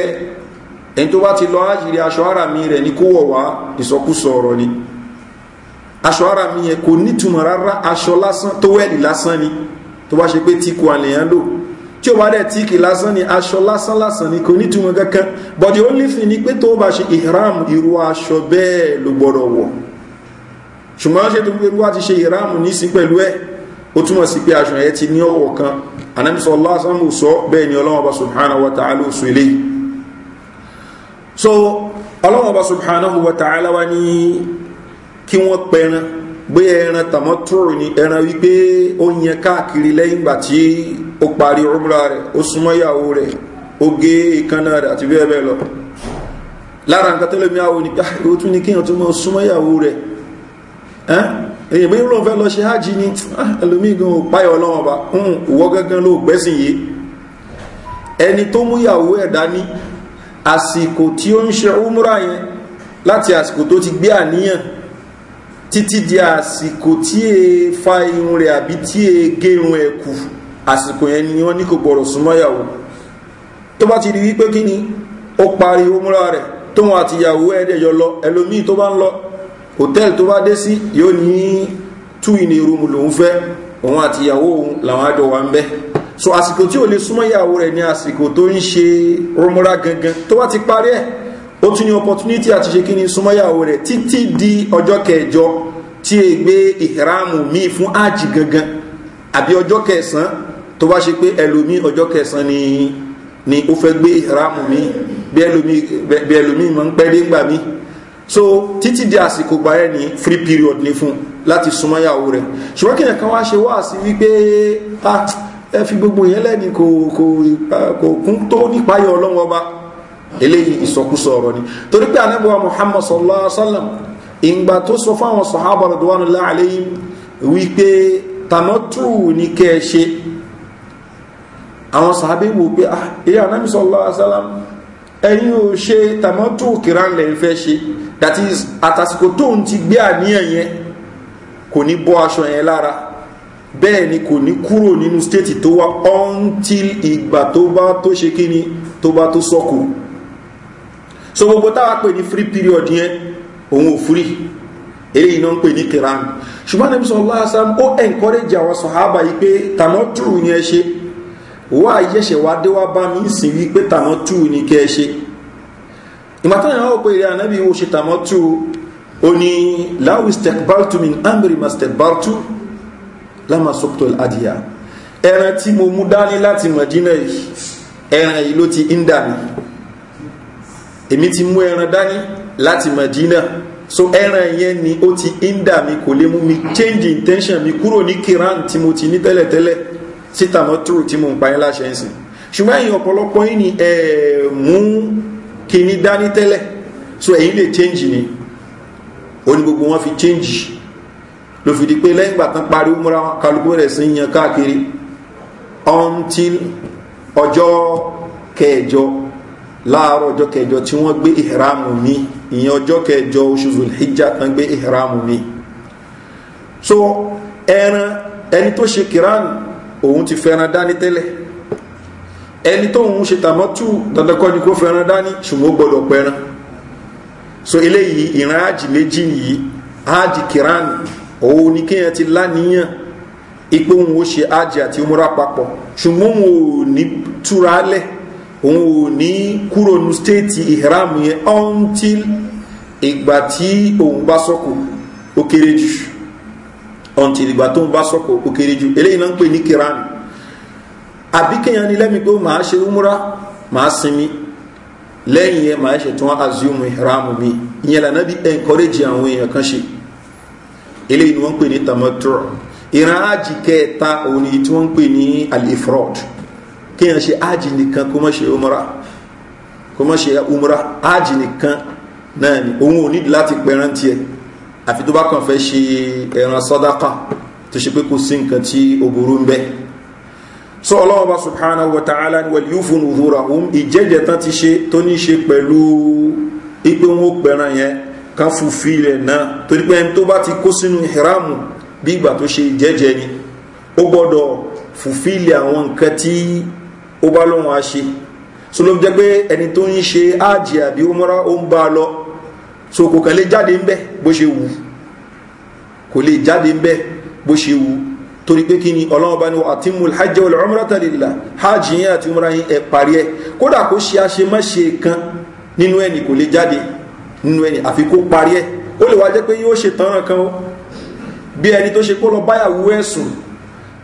ẹni tó bá ti lọ ájìrí aṣọ ara mi rẹ̀ ní kó wọ̀ wá ìsọkúsọ ọ̀rọ̀ ni aṣọ ara mi yẹn kò nítumọ̀ rárá aṣọ lásán tó wẹ̀lì lásán ni tó bá ṣe pé tíkù àlèyàn lò tí o bá dẹ̀ tíkì lásán ni aṣọ lásán lásán ni kò nítumọ̀ kankan but the only ni pé tó bá ṣe ìhram irú aṣọ bẹ́ẹ̀ ló gbọ́dọ̀ wọ̀ ṣùgbọ́n ṣe tó gbé wá ṣe ìhram ní sí pẹ̀lú ẹ̀ ó túnmọ̀ sí pé aṣọ yẹn ti ní ọ̀wọ̀ kan anamisọ lásán mò sọ bẹ́ẹ̀ ni ọlọ́wọ́ bá subhanahu wa ta'ala ó eléyìí so ọlọ́wọ́n bá subhanahu wa ta'ala wa ní kí wọ́n ẹran ni ẹran wípé ó yẹ káàkiri lẹ́yìn ìgbà tí ó parí umra rẹ̀ ó súnmọ́ ìyàwó rẹ̀ ó gé ìkànnà rẹ̀ àti bẹ́ẹ̀ bẹ́ẹ̀ lọ lára nǹkan tẹ́lẹ̀ mi ní pé ah, ó tún ní kíyàn tó mọ́ súnmọ́ ìyàwó rẹ̀ èyàn bí fẹ́ lọ ṣe ah, àsìkò tí ó ń ṣe umra yẹn láti àsìkò tó ti gbé àníyàn títí di àsìkò tí e fa irun rẹ̀ àbí tí e gé irun ẹ̀ kù àsìkò yẹn ni wọ́n ní kò gbọ́dọ̀ súnmọ́yàwó tó bá ti rí wípé kí ni ó parí umra rẹ̀ tóun àtìyàwó ẹ̀ẹ́dẹ̀yọ lọ ẹlòmíì tó bá ń lọ hòtẹ́ẹ̀lì tó bá dé sí yóò ní tú ìní lòún fẹ́ òun àtìyàwó òun làwọn àjọ wa ń bẹ́ẹ̀ so àsìkò tí ò lè súnmọ́ ìyàwó rẹ̀ ni àsìkò tó ń ṣe rọmọra gangan tó wá ti parí ẹ̀ ó tún ní opportunity àti ṣe kí ni súnmọ́ ìyàwó rẹ̀ títí di ọjọ́ kẹjọ tí è gbé ìhìrámù míì fún ájì gangan àbí ọjọ́ kẹsàn tó bá ṣe pé ẹlòmí ọjọ́ kẹsàn ni ni ó fẹ́ gbé ìhìrámù míì bí ẹlòmí bí mọ̀ ń pẹ́ gbà míì so títí di àsìkò gbà ni free period ni fún láti súnmọ́ ìyàwó rẹ̀ ṣùgbọ́n kí nìkan wá ṣe wá sí wípé ah ẹ fi gbogbo yẹn lẹ́ni kò kò kún tó nípayọ̀ ọlọ́wọ́ bá eléyìí ìsọkúsọ ọ̀rọ̀ ni torí pé anábọ̀wá muhammad sallallahu alaihi wa sallam ìgbà tó sọ fáwọn sọ̀hábà radwanullahi alayhim wípé tànọ́tù ní kẹ́ ẹ ṣe àwọn sàábé wò pé ah anábì sallallahu alaihi wa sallam ẹ̀yin ò ṣe tànọ́tù kìránlẹ̀ ń fẹ́ ṣe that is àtàsìkò tóun ti gbé àníyàn yẹn kò ní bọ́ aṣọ yẹn lára bẹ́ẹ̀ ni kò ní kúrò nínú stéètì tó wá until ìgbà tó bá tó ṣe kí ni tó bá tó sọ́kù so gbogbo táwa pè ní free period yẹn òun ò fúrí eré iná ń pè ní kiran ṣùgbọ́n níbi sọ lásán ó encourage àwọn sọ̀hábà yìí pé tàmọ́tù ni ẹ ṣe wá ayẹ́ṣẹ̀ wá dé wá bá mi sìn wí pé tàmọ́tù ni kẹ́ ẹ ṣe ìmọ̀tán ìyàwó pé eré anábì wo ṣe tàmọ́tù ó ní láwùí stekbaltu min amri ma stekbaltu lámà sọ́kùtò adìyà ẹran tí mo mú dání láti mọ̀dínà yìí ẹran yìí ló ti ń dà mí èmi ti mú ẹran dání láti mọ̀dínà so ẹran yẹn ni ó ti ń dà kò lè mú mi change intention mi kúrò ní kiran tí mo ti ní tẹ́lẹ̀tẹ́lẹ̀ síta mọ́tòrò tí mo ń pa láṣẹ ń sìn ṣùgbọ́n ẹ̀yin ọ̀pọ̀lọpọ̀ yín ni ẹ̀ mú kíní dání tẹ́lẹ̀ so ẹ̀yin lè change ni ó ní gbogbo wọn fi change ló fi di pé lẹ́yìn ìgbà tán parí múra kálukú rẹ̀ sí yan káàkiri until ọjọ́ kẹjọ láàárọ̀ ọjọ́ kẹjọ tí wọ́n gbé ìhìrámù mi ìyẹn ọjọ́ kẹjọ oṣù zulhijja tán gbé ìhìrámù mi so ẹran ẹni tó ṣe kiran òun ti fẹ́ràn dání tẹ́lẹ̀ ẹni tó ń ṣe tàmọ́tù dandakọ́ ni kó fẹ́ràn dání ṣùgbọ́n gbọ́dọ̀ pẹ́ràn so eléyìí ìran ájì méjì yìí ájì kiran òun ni kéèyàn ti láníyàn ipò òun ó ṣe ájì àti òmùra papọ̀ ṣùgbọ́n òun ò ní túra lẹ̀ òun ò ní kúrò ní stéètì ìhram yẹn until ìgbà tí òun bá sọ́kò ó kéré jù until ìgbà tó ń bá sọ́kò ó kéré jù eléyìí náà ń pè ní kiran àbí kéèyàn ni lẹ́mi pé màá ṣe òmùra màá sinmi lẹ́yìn yẹn màá ṣètò àzíùmù ìhram mi ìyẹn lànà bí encourage àwọn èèyàn kan ṣe eléyìí ni wọ́n ń pè ní tamattu ìran ájì kẹta òun ni tí wọ́n ń pè ní al-ifrad kéèyàn ṣe ájì nìkan kó má ṣe umra kó má umra ájì nìkan náà ni òun ò nídìí láti pẹran tiẹ̀ àfi tó bá kàn fẹ́ ṣe ẹran sàdákà tó ṣe pé kò sí nǹkan tí ó burú ń bẹ so Ọlọ́hun Ọba subhanahu wa ta'ala ni wal yufu nudhurahum ìjẹ́jẹ̀ tán ti ṣe tó ní ṣe pẹ̀lú ipe wọn ó pẹran yẹn kan fufi ilẹ̀ náà torí pé ẹni tó bá ti kó sínú ìhìrámù bí ìgbà tó ṣe jẹ́jẹ́ ni ó gbọ́dọ̀ fufi ilẹ̀ àwọn nǹkan tí ó bá lóhun á ṣe so ló jẹ́ pé ẹni tó ń ṣe áàjì àbí ó mọ́ra ó ń bá a lọ so kò kàn lè jáde ń bẹ́ bó ṣe wù kò lè jáde ń bẹ́ bó ṣe wù torí pé kí ni ọlọ́run bá ní àtìmùl hajj wal umrata lillah hajj yẹn àti umra yẹn ẹ̀ parí ẹ̀ kódà kó ṣe àṣemáṣe kan nínú ẹni kò lè jáde nínú ẹni àfi kó parí ẹ̀ ó lè wá jẹ́ pé yóò ṣe tán kan bí ẹni tó ṣe kó lọ báyàwó ẹ̀ sùn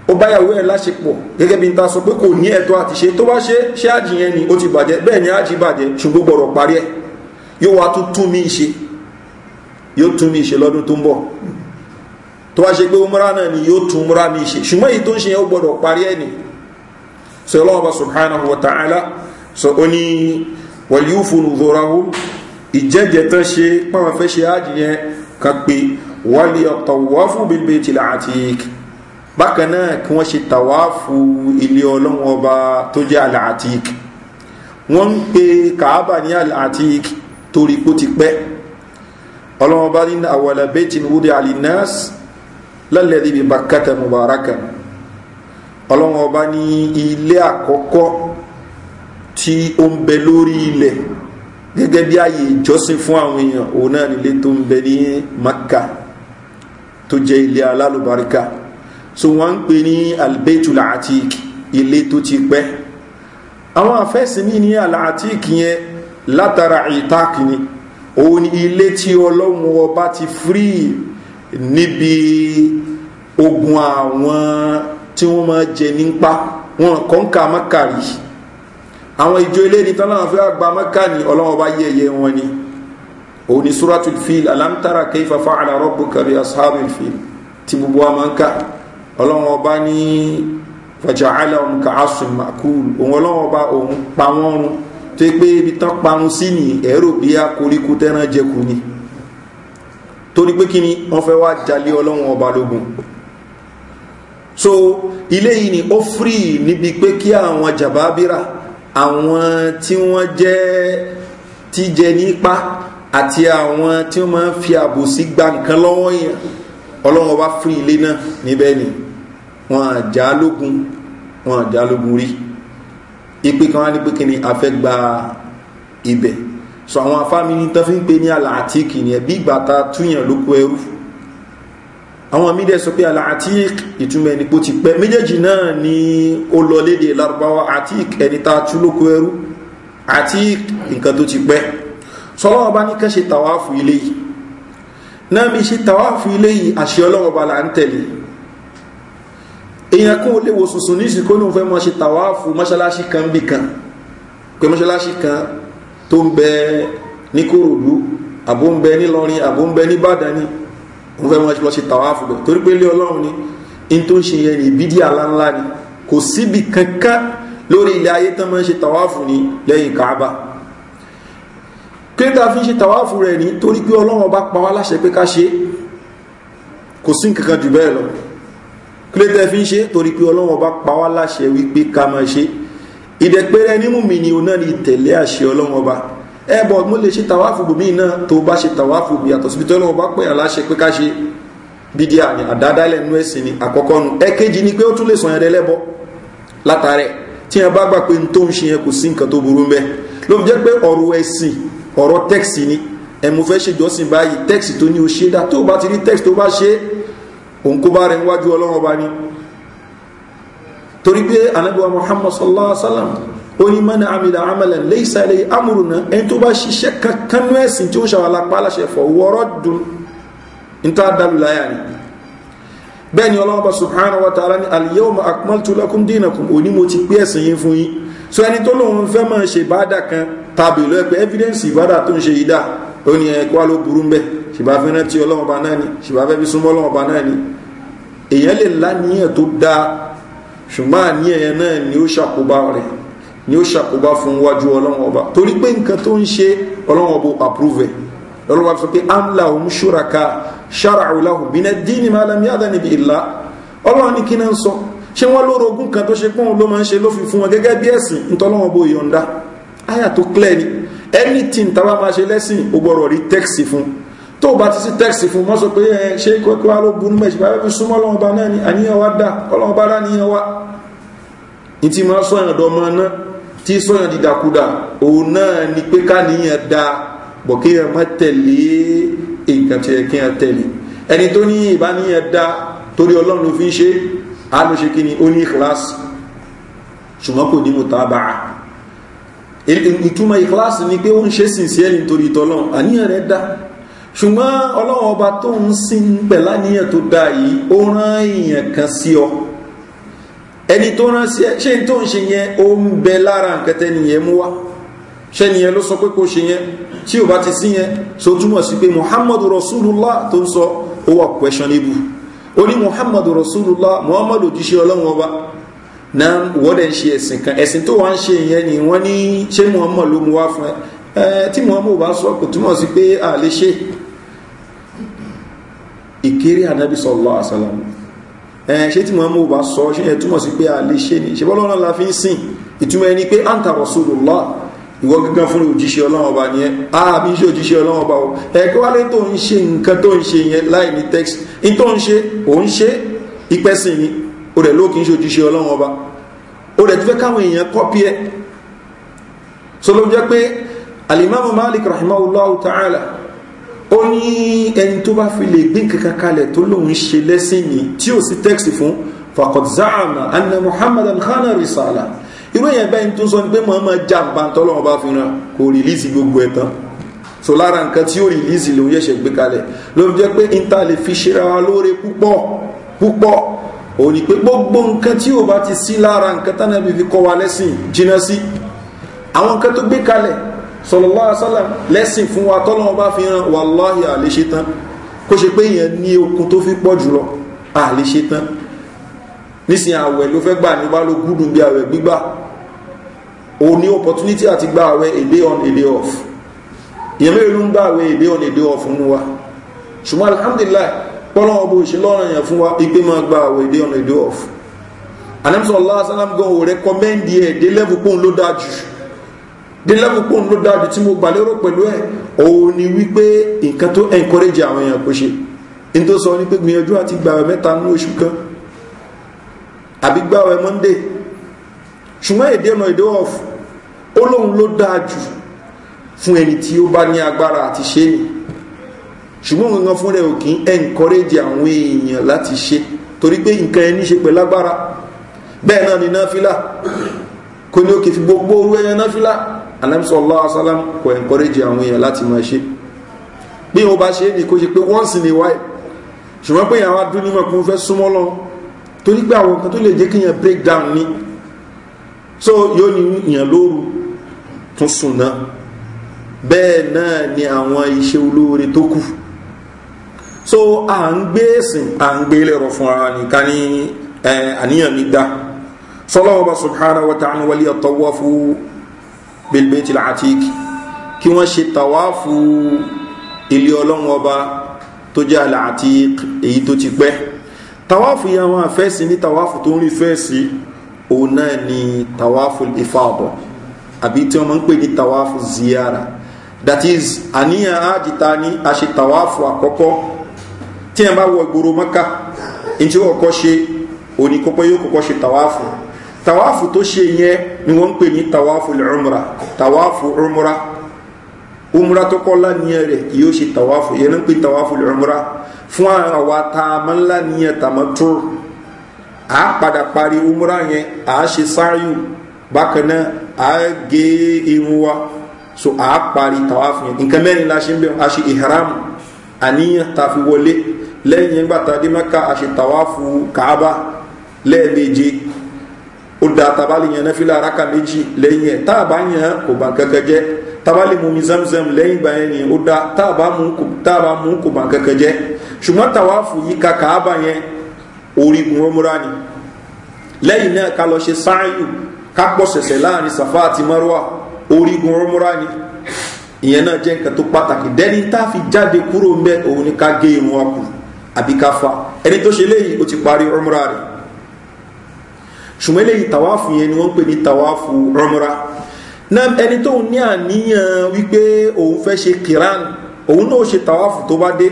ó báyàwó ẹ̀ láṣepọ̀ gẹ́gẹ́ bí n ta sọ pé kò ní ẹ̀tọ́ àti ṣe tó bá ṣe ṣé àjì ni ó ti bàjẹ́ bẹ́ẹ̀ ni àjì bàjẹ́ ṣùgbọ́n gbọ́dọ̀ parí ẹ̀ yóò wá tún tún mí ṣe yóò tún mí ṣe lọ́dún tó ń bọ̀ tó wá ṣe pé umra náà ni yóò tún umra mí ṣe ṣùgbọ́n èyí tó ń ṣe yẹn ó gbọ́dọ̀ parí ẹ̀ ni sọ ọlọ́wọ́ bá subhanahu wa ta'ala sọ ó ní wàlíùfù nùdúrà ìjẹ́jẹ́ tán ṣe pọ́n fẹ́ ṣe ájìyẹn kan pé wọ́n lè ọ̀tọ̀ wọ́ fún bíbí tìlà àti bákan náà kí wọ́n ṣe tàwáàfù ilé ọlọ́run ọba tó jẹ́ àlàátíkì wọ́n ń pe kàábà ní àlàátíkì torí kó ti pẹ́ ọlọ́run ọba ní àwọ̀lá bẹ́tì ní wúdí alinas lálẹ́ níbi bàkátà mubaraka ọlọ́run ọba ní ilé àkọ́kọ́ tí ó ń bẹ lórí ilẹ̀ gẹ́gẹ́ bí ààyè ìjọsìn fún àwọn èèyàn òun náà nílé tó ń bẹ ní Makka tó jẹ́ ilé alálùbáríkà so wọ́n ń pè ní albaitul atik ilé tó ti pẹ́ àwọn àfẹ́sìn ní alatik yẹn látara itak ni òun ni ilé tí ọlọ́run ọba ti fírí níbi ogun àwọn tí wọ́n máa jẹ nípa wọn kọ́ńkà Makka rí àwọn ìjọ eléyìí tán láwọn fẹ́ gba mọ́kà ní ọlọ́wọ́n yẹ̀yẹ wọn ni òun ni suratul fil alamtara kaifa fa'ala rabbuka bi ashabil fil tí gbogbo wa máa ń kà ọlọ́wọ́n bá ní faja'ala òun ka asun makul òun ọlọ́wọ́n bá òun pa wọ́n run tó yẹ pé ibi tán parun sí ni ẹ̀rọ bí a koríko tẹ́ran jẹku ni torí pé kí ni wọ́n fẹ́ wá jalé ọlọ́wọ́n lógun so ilé yìí ni ó fírì níbi pé kí àwọn jàbábíra àwọn tí wọ́n jẹ́ tíjẹ nípa àti àwọn tí wọ́n máa ń fi àbòsí gba nǹkan lọ́wọ́ yẹn ọlọ́run ọba fún ilé náà níbẹ̀ ni wọ́n àjà lógun wọ́n àjà lógun rí ipe kan wá ní pé kí ni a fẹ́ gba ibẹ̀ so àwọn afámi ní tán fi ń pe ní àlàátíkì ni ẹ̀ bí ìgbà ta túyàn lóko ẹrú fún àwọn mídẹ̀ sọ pé àlà àtíkì ìtumọ̀ ẹni pò ti pẹ́ méjèèjì náà ni ó lọ léde lárúbáwá àtíkì ẹni tá a tú lóko ẹrú àtíkì nǹkan tó ti pẹ́ sọlọ́wọ́ bá ní kẹ́ ṣe tàwáàfù ilé yìí náà mi ṣe tàwáàfù ilé yìí àṣẹ ọlọ́wọ́ bá là ń tẹ̀lé èèyàn kún olè wo sùsùn ní ìsìnkú fẹ́ mọ́ ṣe tàwáàfù mọ́ṣáláṣí kan bì kan pé mọ́ṣáláṣí kan tó ń bẹ ní kòròdú àbó ń bẹ nílọrin àbó ń bẹ níbàdàn ni òun fẹ́ máa lọ ṣe tàwáàfù bẹ̀ torí pé ilé ọlọ́run ni in tó ń ṣe yẹn ní ìbídí aláńlá ni kò síbi kankan lórí ilẹ̀ ayé tán máa ń ṣe tàwáàfù ni lẹ́yìn káàbà kéta fi ń ṣe tàwáàfù rẹ̀ ní torí pé ọlọ́run ọba pa wá láṣẹ pé ká ṣe kò sí nǹkan jù bẹ́ẹ̀ lọ kílẹ̀tẹ̀ fi ń ṣe torí pé ọlọ́run ọba pa wá láṣẹ wípé ká máa ṣe ìdẹ̀pẹ̀rẹ̀ nímú mi ni òun náà ni ìtẹ̀lé àṣẹ ọlọ́run ọba ẹbọ eh, mo lè ṣe tàwáfù bòmí náà tó bá ṣe tàwáfù bí yàtọ̀ síbi tọ́lọ́ ọba pé aláṣẹ pé ká ṣe bídí àní àdádálẹ̀ nú ẹ̀sìn ni àkọ́kọ́ nu ẹ̀kejì ni pé ó tún lè sọ yẹn rẹ lẹ́bọ látàrẹ tí yẹn bá gbà pé n tó ń ṣe yẹn kò sí nǹkan tó burú mbẹ ló fi jẹ́ pé ọ̀rọ̀ ẹ̀sìn ọ̀rọ̀ tẹ́ksì ni ẹ̀mú fẹ́ ṣe jọ́sìn báyìí tẹ́ksì tó ní muhammad sallallahu alaihi wa sallam onímọ̀nà àmìlà àmàlẹ̀ léṣà ilẹ̀ amúrùnà ẹni tó bá ṣiṣẹ́ kankan ní ẹ̀sìn tí ó ń ṣàwàlá pàláṣẹ fọ̀ wọ́rọ̀ dùn ní tó dálù láyà ni bẹ́ẹ̀ ni ọlọ́wọ́ bá subhanahu wa ta'ala ni aliyahuma akmaltu lakum dinakum òní mo ti pé ẹ̀sìn yín fún yín so ẹni tó lóun fẹ́ máa ṣe ìbádà kan tàbí lọ ẹgbẹ́ evidence ìbádà tó ń ṣe ìdá ó ní ẹ̀kọ́ ló burú ń bẹ́ ṣìbá fẹ́ rántí ọlọ́wọ́ bá náà ni ṣìbá fẹ́ fi súnmọ́ ọlọ́wọ́ bá náà ni èèyàn lè láníyàn tó dáa ṣùgbọ́n àníyàn náà ni ó ṣàkóbá rẹ̀ ni ó ṣàkóbá fún wájú ọlọ́wọ́n ọba torí pé nǹkan tó ń ṣe ọlọ́wọ́n ọba approve ẹ̀ lọ́wọ́n ọba sọ pé amla òun ṣúraka ṣára'u lahum min ad-dini ma lam ya'dhan bi Allah ọlọ́wọ́n ní kí náà ń sọ ṣé wọ́n lórí ogún kan tó ṣe pọ́n ló máa ń ṣe lófin fún wọn gẹ́gẹ́ bí ẹ̀sìn ntọ́lọ́wọ́n ọba yọ̀ǹda àyà tó clear ni anything tá a bá máa ṣe lẹ́sìn ó gbọ́dọ̀ rí tẹ́ksì fún tó bá ti sí tẹ́ksì fún wọ́n sọ pé ẹ ṣé kókó wa ló burú mẹ́ṣẹ̀ bá fi súnmọ́ ọlọ́wọ́n ọba náà ni àníyàn wa dá ọlọ́wọ́n ọba rá níyàn wa ní ti máa sọ ẹ̀dọ̀ ọmọ náà tí sọ́yàn dìdàkudà òun náà ni pé káníyàn da bọ̀ kí yẹn má tẹ̀lé nǹkan tí yẹ kí yẹn tẹ̀lé ẹni tó ní ìbáníyàn da torí ọlọ́run ló fi ń ṣe àánú ṣe kí ni ó ní ìkíláàsì ṣùgbọ́n kò ní mutaba'a ìtumọ̀ ìkíláàsì ni pé ó ń ṣe sincere nítorí ìtọ́lọ́run àníyàn rẹ̀ dá ṣùgbọ́n ọlọ́run ọba tó ń sin pẹ̀lá níyàn tó dá yìí ó rán èèyàn kan sí ọ ẹni tó rán sí ẹ ṣé n tó ń ṣe yẹn ó ń bẹ lára nǹkan tẹ́ nìyẹn mú wá ṣé nìyẹn ló sọ pé ti sí so túmọ̀ sí pé muhammadu rasulullah tó ń sọ ó wà ibu ó muhammadu rasulullah muhammadu jíṣẹ́ ọlọ́run ọba na wọ́n dẹ̀ ń ṣe ẹ̀sìn kan ẹ̀sìn tó wá ń ṣe ni wọ́n ní ṣé muhammad ló a lè ṣe ìkéré anabi Eh, ṣe tí mọ́mú bá sọ ṣe yẹn túmọ̀ sí pé a lè ṣe ni ṣebọ́ la fi ń sìn ìtumọ̀ ẹni pé anta rasulullah ìwọ gángan fún òjíṣẹ́ ọlọ́run ọba ni ẹ ààbí ṣe òjíṣẹ́ ọlọ́run ọba o ẹ̀kọ́ wálé tó ń ṣe nǹkan tó ń ṣe yẹn láì ní text in tó ń ṣe ò ń ṣe ìpẹ́sìn ni o rẹ̀ ló kì í ṣe òjíṣẹ́ ọlọ́run ọba o rẹ̀ tó fẹ́ káwọn èèyàn kọ́pì ẹ̀ so ta'ala ó ní ẹni tó bá fi lè gbé nǹkan kalẹ̀ tó lóun ṣe lẹ́sìn ni tí ò sí tẹ́ksì fún fakọ̀tìzáàmà anna muhammad alhana risala irú èèyàn bẹ́ẹ̀ tó sọ pé màá máa já nǹkan tó lọ́wọ́ bá fi ran kò rìlíìsì gbogbo ẹ̀ tán so lára nǹkan tí ó rìlíìsì lòun yẹ̀ṣẹ̀ gbé kalẹ̀ ló ń jẹ́ pé níta lè fi ṣe ra wa lóore púpọ̀ púpọ̀ ò ní pé gbogbo nǹkan tí ò bá ti sí lára nǹkan tánàbí fi kọ́ wa lẹ́sìn jìnnà sí àwọn nǹkan tó gbé kalẹ̀ sọlọ́lá àṣálà lẹ́sìn fún wa tọ́lọ́wọ́ bá fi hàn wàláhì àléṣe tán kó ṣe pé èèyàn ní okun tó fi pọ̀ jùlọ àléṣe tán nísìn àwẹ̀ ló fẹ́ gbà ní bá ló gúdùn bí àwẹ̀ gbígbà o ní opportunity àti gba àwẹ̀ èlé on èlé off èèyàn mẹ́rin ló ń gba àwẹ̀ èlé on èlé off fún wa ṣùgbọ́n alhamdulilayi pọ́lọ́wọ́ bó ṣe lọ́rọ̀ yẹn fún wa ipé máa gba àwẹ̀ èlé on èlé off anamsọ allah salam gan o rẹkọmẹ́ndì ẹ̀ dé lẹ́bùpọ̀n ló dáa délẹ́bùpọ̀ ló dájú tí mo gbà lérò pẹ̀lú ẹ̀ òun ni wípé nǹkan tó encourage àwọn èèyàn kò ṣe in tó sọ ní pé gbìyànjú àti gbàwẹ̀ mẹ́ta ní oṣù kan àbí gbàwẹ̀ monday ṣùgbọ́n èdè ọ̀nà èdè off ó lóun ló dájú fún ẹni tí ó bá ní agbára àti ṣe ni ṣùgbọ́n gangan fún rẹ̀ ò encourage àwọn èèyàn láti ṣe torí pé nǹkan ẹni ṣe pẹ̀lú agbára bẹ́ẹ̀ náà ni náfìlà kò ní ó kì fi gbogbo orú ẹyẹ náfìlà anamisọ allah asalam kò encourage àwọn èèyàn láti máa ṣe bí wọn bá ṣe é ní kó ṣe pé once in a while ṣùgbọ́n pé àwọn adúnímọ̀ kún fẹ́ súnmọ́ lọ torí pé àwọn kan tó lè jẹ́ kíyàn break down ní so yóò ní ìyàn lóru tún sùn náà bẹ́ẹ̀ náà ni àwọn iṣẹ́ olóore tó kù so à ń gbé ẹ̀sìn à ń gbé lẹ́rọ fún ara nìkan ní àníyàn mi dá sọlọ́wọ́ bá subhanahu wa ta'ala wali atawafu bilbeti latik kí wọ́n ṣe tàwáfù ilé ọlọ́run ọba tó jẹ́ alatik èyí tó ti pẹ́ tàwáfù yìí àwọn àfẹ́sì ní tàwáfù tó ń rí fẹ́ẹ̀sì òun náà ni tàwáfù ìfàbọ̀ àbí tí wọ́n máa ń pè ní tàwáfù ziyara that is àníyàn ájìta ní a ṣe tàwáfù àkọ́kọ́ tí wọ́n bá wọ ìgboro mọ́ká ní tí wọ́n kọ́ ṣe òní kọ́kọ́ yóò kọ́kọ́ ṣe tàwáfù tàwáàfù tó ṣe yẹn ni wọ́n ń pè ní tàwáàfù umra tàwáàfù umra umra tó kọ́lá nìyẹn rẹ̀ kì yóò ṣe tàwáàfù yẹn ń pè tàwáàfù umra fún àwa tá a máa ń lá nìyẹn tàmọ́tò à padà parí umra yẹn à ṣe sáyù bákan náà a gé irun wa so a parí tawaf yẹn nǹkan mẹ́rin la ṣe ń bẹ a ṣe ihram àníyàn ta wọlé lẹ́yìn ìgbà tá a ṣe tawaf kaaba lẹ́ẹ̀mejì ó da tabali yẹn náfìlà araka méjì lẹ́yìn ẹ̀ tá yẹn kò bá kankan jẹ́ tabali mu mi zamzam lẹ́yìn ìgbà yẹn ni ó da tá a bá mu kò bá kankan jẹ́ ṣùgbọ́n tàwáfù yìí ka kàába yẹn orígun ọmúra ni lẹ́yìn náà ká lọ ṣe sáàyù ká pọ̀ ṣẹ̀ṣẹ̀ láàrin safa àti marwa orígun ọmúra ni ìyẹn náà jẹ́ nǹkan pàtàkì dẹ́ni tá a fi jáde kúrò ń òun ni ká gé irun wa kù àbí ká fa ẹni tó ṣe léyìí ó ti parí ọmúra rẹ̀ ṣùgbọ́n eléyìí tàwáàfù yẹn ni wọ́n ń pè ní tàwáàfù rọmọra náà ẹni tóun ní àníyàn wípé òun fẹ́ ṣe kiran òun náà ṣe tàwáàfù tó bá dé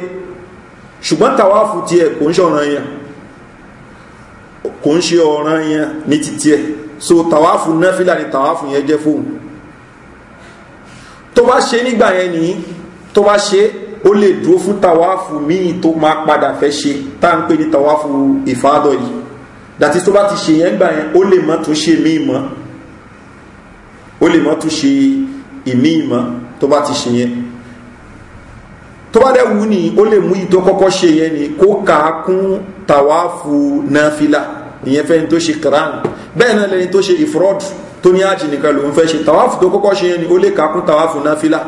ṣùgbọ́n tàwáàfù tiẹ̀ kò ń ṣe ọ̀ràn yẹn kò ń ṣe ọ̀ràn yẹn ní títí ẹ̀ so tàwáàfù náfìlà ni tàwáàfù yẹn jẹ́ fóun tó bá ṣe nígbà yẹn nìyí tó bá ṣe ó lè dúró fún tàwáàfù míì tó máa padà fẹ́ ṣe tá à ń pè ní tàwáàfù ìfádọ́ yìí dàtí tó bá ti ṣe yẹn gbà yẹn ó lè mọ́ tún ṣe míì mọ́ ó lè mọ́ tún ṣe ìmíì mọ́ tó bá ti ṣe yẹn tó bá dẹ̀ wù ní ó lè mú ìtọ́ kọ́kọ́ ṣe yẹn ni kó kà á kún tàwáàfù náfìlà ìyẹn fẹ́ni tó ṣe kran bẹ́ẹ̀ náà lẹ́ni tó ṣe ìfúrọ́dù tó ní ájì nìkan lòun fẹ́ ṣe tàwáàfù tó kọ́kọ́ ṣe yẹn ni ó lè kà á kún tàwáàfù náfìlà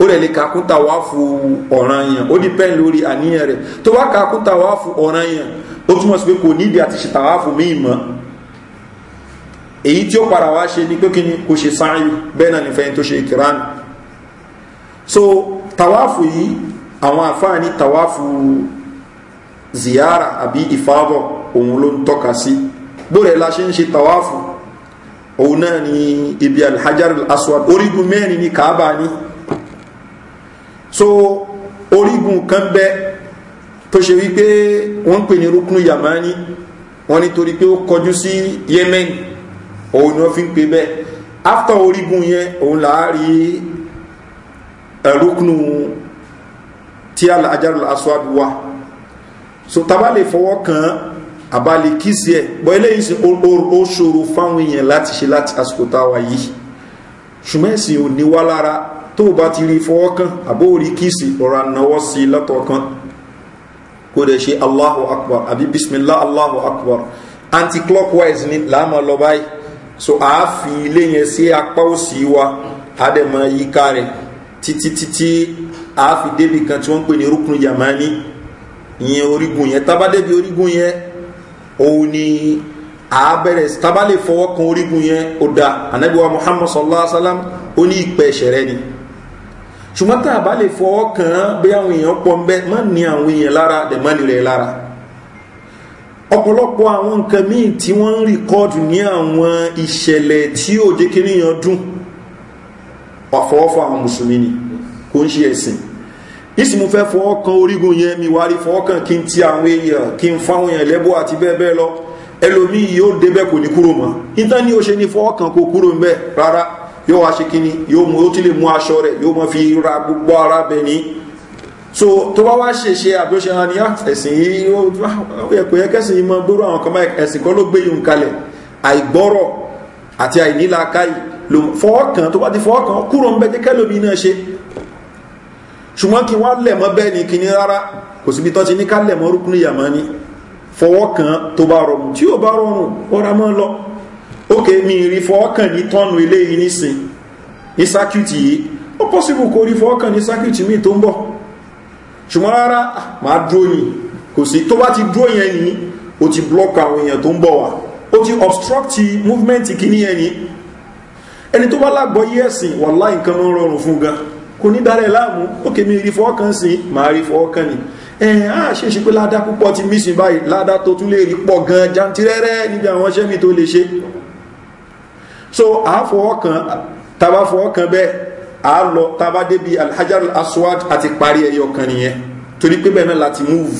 ó rẹ̀ lè kàkúntà wá fún ọ̀ràn yẹn ó dìpẹ́ lórí àníyàn rẹ̀ tó bá kàkúntà wá fún ọ̀ràn yẹn ó túmọ̀ sí pé kò nídìí àti ṣe tàwáfù mí mọ́ èyí tí ó padà wá ṣe ní pé ni kò ṣe sáàyù bẹ́ẹ̀ náà nífẹ̀ẹ́ tó ṣe ìkìránì so tàwáfù yìí àwọn àfáà ní tàwáfù ziyara àbí ìfàbọ̀ òun ló ń tọ́ka sí bóòrẹ̀ la ṣe ń ṣe tàwáfù òun náà ni ibi alhajar aswad orígun mẹ́rin ni kaaba ni so orígun kan bẹ́ẹ̀ tó ṣe pe wọ́n ń pè ní rúkúnú yamani wọ́n nítorí pé ó kọjú sí yemen òun ni wọ́n fi ń pè bẹ́ẹ̀ after orígun yẹn òun láàárí rúkúnú tí alájárò aṣọ́àbí wa so tàbá lè fọwọ́ kan àbálẹ̀ kìsì ẹ̀ bọ́ eléyìí sí ó ṣòro fáwọn èèyàn láti ṣe láti àsìkò táwa yìí ṣùgbọ́n ẹ̀sìn ò ní wá lára tó bá ti rí fọwọ́ kan àbó orí kìsì ọ̀rọ̀ ànáwọ́ sí látọ̀kan kó dẹ̀ ṣe allahu akbar àbí bismillah allahu akbar anti-clockwise ni láàmà lọ báyìí so a fi ilé yẹn sí apá òsì wa a dẹ̀ máa yíká rẹ̀ títí títí a fi débi kan tí wọ́n ń pè ní rúkun yamani ìyẹn orígun yẹn tábà débi orígun yẹn òun ni àbẹ̀rẹ̀ tábà lè fọwọ́ kan orígun yẹn ó da anabiwa muhammad sallallahu alaihi wa sallam ó ní ìpẹ́ ni ṣùgbọ́n tá a bá lè fọwọ́ kàn án bí àwọn èèyàn pọ̀ ń bẹ́ má ní àwọn èèyàn lára dẹ̀ má nílẹ̀ lára ọ̀pọ̀lọpọ̀ àwọn nǹkan míì tí wọ́n ń rìkọ́ọ̀dù ní àwọn ìṣẹ̀lẹ̀ tí ò jẹ́ kí níyàn dùn ọ̀fọwọ́fọ àwọn mùsùlùmí ni kò ń ṣe ẹ̀sìn ìsì mo fẹ́ fọwọ́ kan orígun yẹn mi wá rí fọwọ́ kan kí n ti àwọn èèyàn kí ni ó ṣe ní fọwọ́ yóò wá ṣe kíni yóò mú ó ti lè mú aṣọ rẹ̀ yóò mọ fi ra gbogbo ara bẹ̀ ní so tó bá wá ṣe ṣe àbíọ́ṣe hàn ní ah, ẹ̀sìn yìí ó ah, yẹ kò yẹ kẹ́sìn yìí mọ gbóró àwọn kan báyìí ẹ̀sìn kan ló gbé yìí ń kalẹ̀ àìgbọ́rọ̀ àti àìnílàákàyè ló fọ́ọ̀kan tó bá ti fọ́ọ̀kan kúrò ń bẹ jẹ́ kẹ́lómi náà ṣe ṣùgbọ́n kí wọ́n lẹ̀ mọ́ bẹ́ẹ̀ ni kì rárá kò síbi tọ́ ti ní ká lẹ̀ mọ́ rúkúnlẹ̀ yàmọ́ ni fọwọ́ tó bá rọrùn tí ó bá rọrùn ó ra mọ́ lọ ókè mi rí fọ́ọ̀kàn ní tọ́nù ilé yìí nísìn ní sákìtì yìí ó pọ́síbù kó rí fọ́ọ̀kàn ní sákìtì míì tó ń bọ̀ ṣùgbọ́n rárá máa dúró yìí kò sí tó bá ti dúró yẹn ni ó ti blọ́ọ̀kì àwọn èèyàn tó ń bọ̀ wá ó ti obstruct movement kìíní yẹn ni ẹni tó bá lágbọ́ yí ẹ̀sìn wà láì nǹkan ló rọrùn fún gan kò ní darẹ̀ láàmú ókè mi rí fọ́ọ̀kàn sí máa rí fọ́ọ̀kàn ni ẹ̀hìn á ṣe ṣe pé ládá púpọ̀ ti mí báyìí ládá tó tún lè rí pọ̀ gan jantirẹ́rẹ́ níbi àwọn iṣẹ́ tó lè ṣe so àáfọwọ́ kan tàbá fọwọ́ kan bẹ́ẹ̀ à á lọ tàbá débi alhajar aswad àti parí ẹyọ kan nìyẹn torí pé bẹ́ẹ̀ náà láti move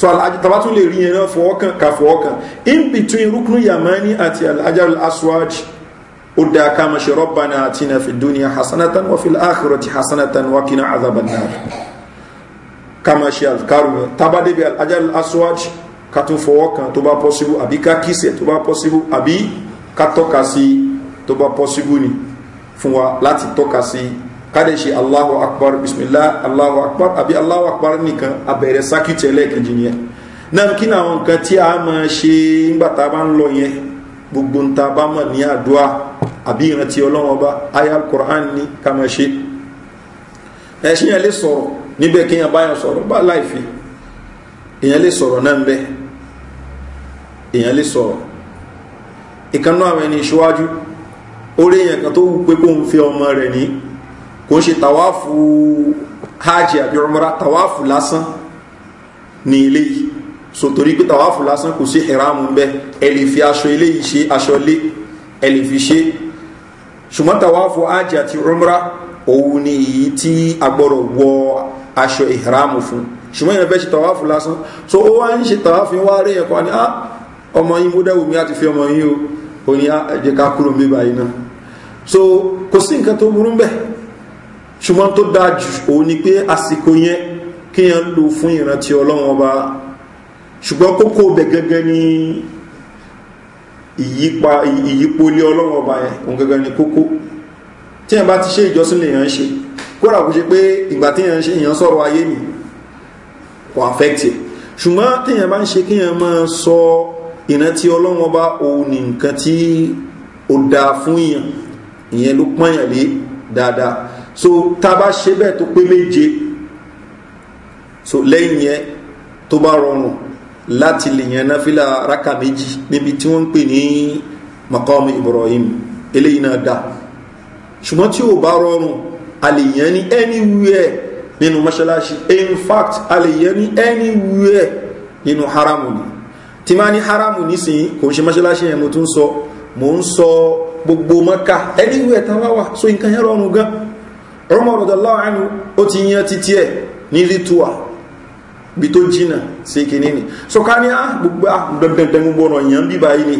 so tàbá tún lè rí yẹn náà fọwọ́ kan kà fọwọ́ kan in between rukunu yamani àti alhajar aswad ó dáa ká máa ṣe rọ́bàna àti nàfi dúnìá hasanatan wọ́n fi láàkúrọ̀ ti hasanatan wọ́n kí náà azabanna ká máa ṣe alkaru yẹn tàbá débi alhajar aswad ká tún fọwọ́ kan tó bá possible àbí ká kíṣẹ̀ tó bá possible àbí ká tọ́ka sí tó bá pọ́síbù ni fún wa láti tọ́ka sí káde ṣe allahu akpar nikan abere akbar àbí allahu akbar nìkan abẹ̀rẹ̀ sákìtì ẹlẹ́ẹ̀kejì náà kí nǹkan tí a máa ṣe nígbà tá a bá ń lọ yẹn gbogbo ń bá mọ̀ ní àdúrà àbí ìrántí ọlọ́wọ́n ọba aya alukur'an ní ká máa ṣe ẹ̀ṣin yẹn lè sọ̀rọ̀ níbẹ̀ kí yẹn bá yẹn sọ̀rọ̀ bá ìkanú àwọn ẹni ìṣíwájú orí èèyàn kan tó wù pé kó ń fẹ́ ọmọ rẹ̀ ní kò ń ṣe tàwáàfù hajj àbí ọmọra tàwáàfù lásán ní ilé yìí so torí pé tàwáàfù lásán kò sí ìhìrámù ń bẹ ẹ lè fi aṣọ ilé yìí ṣe aṣọ ilé ẹ lè fi ṣe ṣùgbọ́n tàwáàfù hajj àti ọmọra òun ni èyí tí a wọ aṣọ ìhìrámù fún ṣùgbọ́n ìrìnàfẹ́ ṣe tàwáàfù lásán so ó wá ń ṣe tàwáàfù wá rí ẹ̀kọ́ ni ah ọmọ yín bó dẹ́wù mí àti fi ọmọ yín o ò ah, ẹ̀jẹ̀ ká kúrò mí báyìí náà so kò sí nǹkan tó burú bẹ́ẹ̀ ṣùgbọ́n tó dáa jù òun ni pé àsìkò yẹn kéèyàn lò fún ìrántí ọlọ́run ọba ṣùgbọ́n kókó bẹ̀ gẹ́gẹ́ ní ìyípa ìyípo ilé ọlọ́run ọba yẹn òun gẹ́gẹ́ ní kókó tí èèyàn bá ti ṣe ìjọsìn lèèyàn ń ṣe kódà kò ṣe pé ìgbà tí èèyàn ṣe èèyàn sọ̀rọ̀ ayé nì kò affect ṣùgbọ́n tí èèyàn bá ń ṣe kéèyàn máa sọ so, ìrántí ọlọ́run ọba òun ní nǹkan tí ó dáa fún yàn ìyẹn ló pọ́nyàn lé dáadáa so tá a bá ṣe bẹ́ẹ̀ tó pé méje so lẹ́yìn yẹn tó bá rọrùn láti lè yan náfìlà rákà méjì níbi tí wọ́n ń pè ní maqam ibrahim eléyìí náà dáa ṣùgbọ́n tí ò bá rọrùn a lè yẹn ní anywhere nínú mọ́ṣáláṣí in fact a lè yẹn ní anywhere nínú haramu ni tí máa ní haramu nísìnyí kò ń ṣe mọ́ṣáláṣí yẹn mo tún sọ mo ń sọ gbogbo mọ́ká ẹni ìwé ẹ̀tàn wá wà so nǹkan yẹn rọrùn gan ọmọ ọ̀rọ̀dọ̀ láàánú ó ti yan títí ẹ̀ ní ritual bí tó jìnà sí kìíní ni so ká ní ah, gbogbo dandandan ah, gbogbo ọ̀nà yẹn bí báyìí ni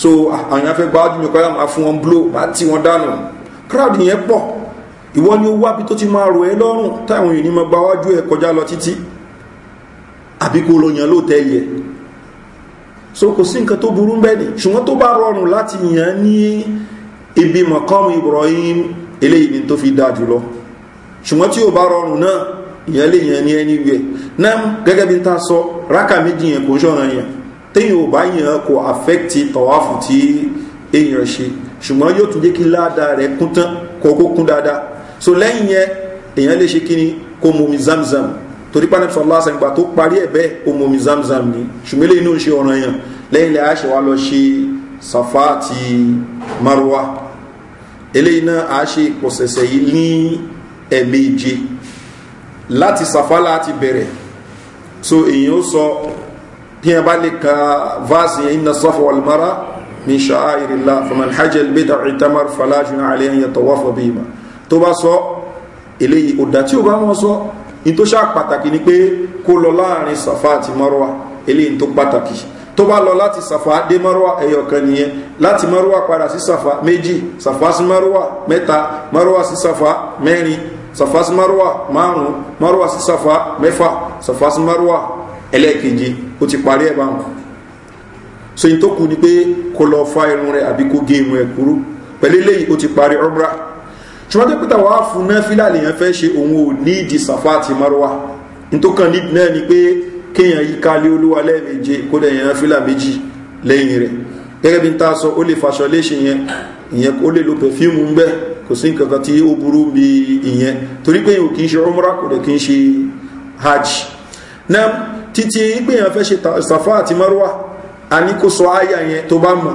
so ah, àwọn afẹ́ gbáwájú mi kọ́yà máa fún wọn blow bá tí wọn dànù crowd yẹn pọ̀ ìwọ ni ó wá bí tó ti máa rò ẹ́ lọ́rùn táwọn èèyàn ní máa gbáwájú ẹ kọjá lọ títí àbí kó lọ yàn lóòtẹ́ẹ̀lì so kò sí nǹkan tó burú bẹ́ẹ̀ ni ṣùgbọ́n tó bá rọrùn láti yàn ní ibi mọ̀kánmù ibrahim eléyìí ni tó fi dáa jùlọ ṣùgbọ́n tí ó bá rọrùn náà ìyẹn lè yàn ní ẹni wẹ̀ náà gẹ́gẹ́ bí ta sọ rákà méjì yẹn kò ṣọ̀nà yẹn téèyàn ò bá yàn kò àfẹ́kìtì tọ̀wáfù tí èèyàn ṣe ṣùgbọ́n yóò tún jẹ́ kí ládàá rẹ̀ kún tán kó kún dáadáa so lẹ́yìn yẹn èèyàn lè ṣe kí ni kó mu mi zamzam torí pàdé sọlá sàgbà tó parí ẹ̀ bẹ́ẹ̀ ó mọ̀mí zamzam ni ṣùgbọ́n eléyìí náà ń ṣe ọ̀ràn yàn lẹ́yìn lẹ́yìn àṣẹ wa lọ ṣe safa àti marwa eléyìí náà a ṣe ìpọ̀sẹ̀sẹ̀ yìí ní ẹ̀ẹ̀méje láti safa láti bẹ̀rẹ̀ so èyàn ó sọ bí ẹ bá lè ka vaasi yẹn iná sọfọ alimara min ṣa'airi la faman hajjal bida itamar falajun aliyan yatawafa bima tó bá sọ eléyìí ò dá tí bá wọn sọ in tó ṣá pàtàkì ni pé kó lọ láàrin safa àti marwa eléyìí tó pàtàkì tó bá lọ láti safa dé marwa ẹyọ kan nìyẹn láti marwa padà sí safa méjì safa sí marwa mẹta marwa sí safa mẹrin safa sí marwa márùn marwa sí safa mẹfà safa sí marwa ẹlẹ́ẹ̀kejì ó ti parí ẹ̀ bá ń kú so in ni pé kó lọ fa irun rẹ̀ àbí kó gé irun ẹ̀ kúrú pẹ̀lú eléyìí ó ti parí umrah ṣùgbọ́n tó pété wàá fún náà fílà fẹ́ ṣe òun ò ní ìdí sàfà àti marwa nítòkàn nídìí náà ni pé kéèyàn yí kálé olúwa lẹ́ẹ̀méje kó lè yan fílà méjì lẹ́yìn rẹ̀ gẹ́gẹ́ bí n ta sọ ó lè faṣọ léṣe yẹn ìyẹn ó lè lo pẹ̀fíìmù ń bẹ́ kò sí nǹkan kan tí ó burú bí ìyẹn torí pé yóò kì í ṣe rọmọra kò dẹ̀ kì í ṣe hajj náà títí pé yẹn fẹ́ ṣe sàfà àti marwa a ní kó sọ áyà yẹn tó bá mọ̀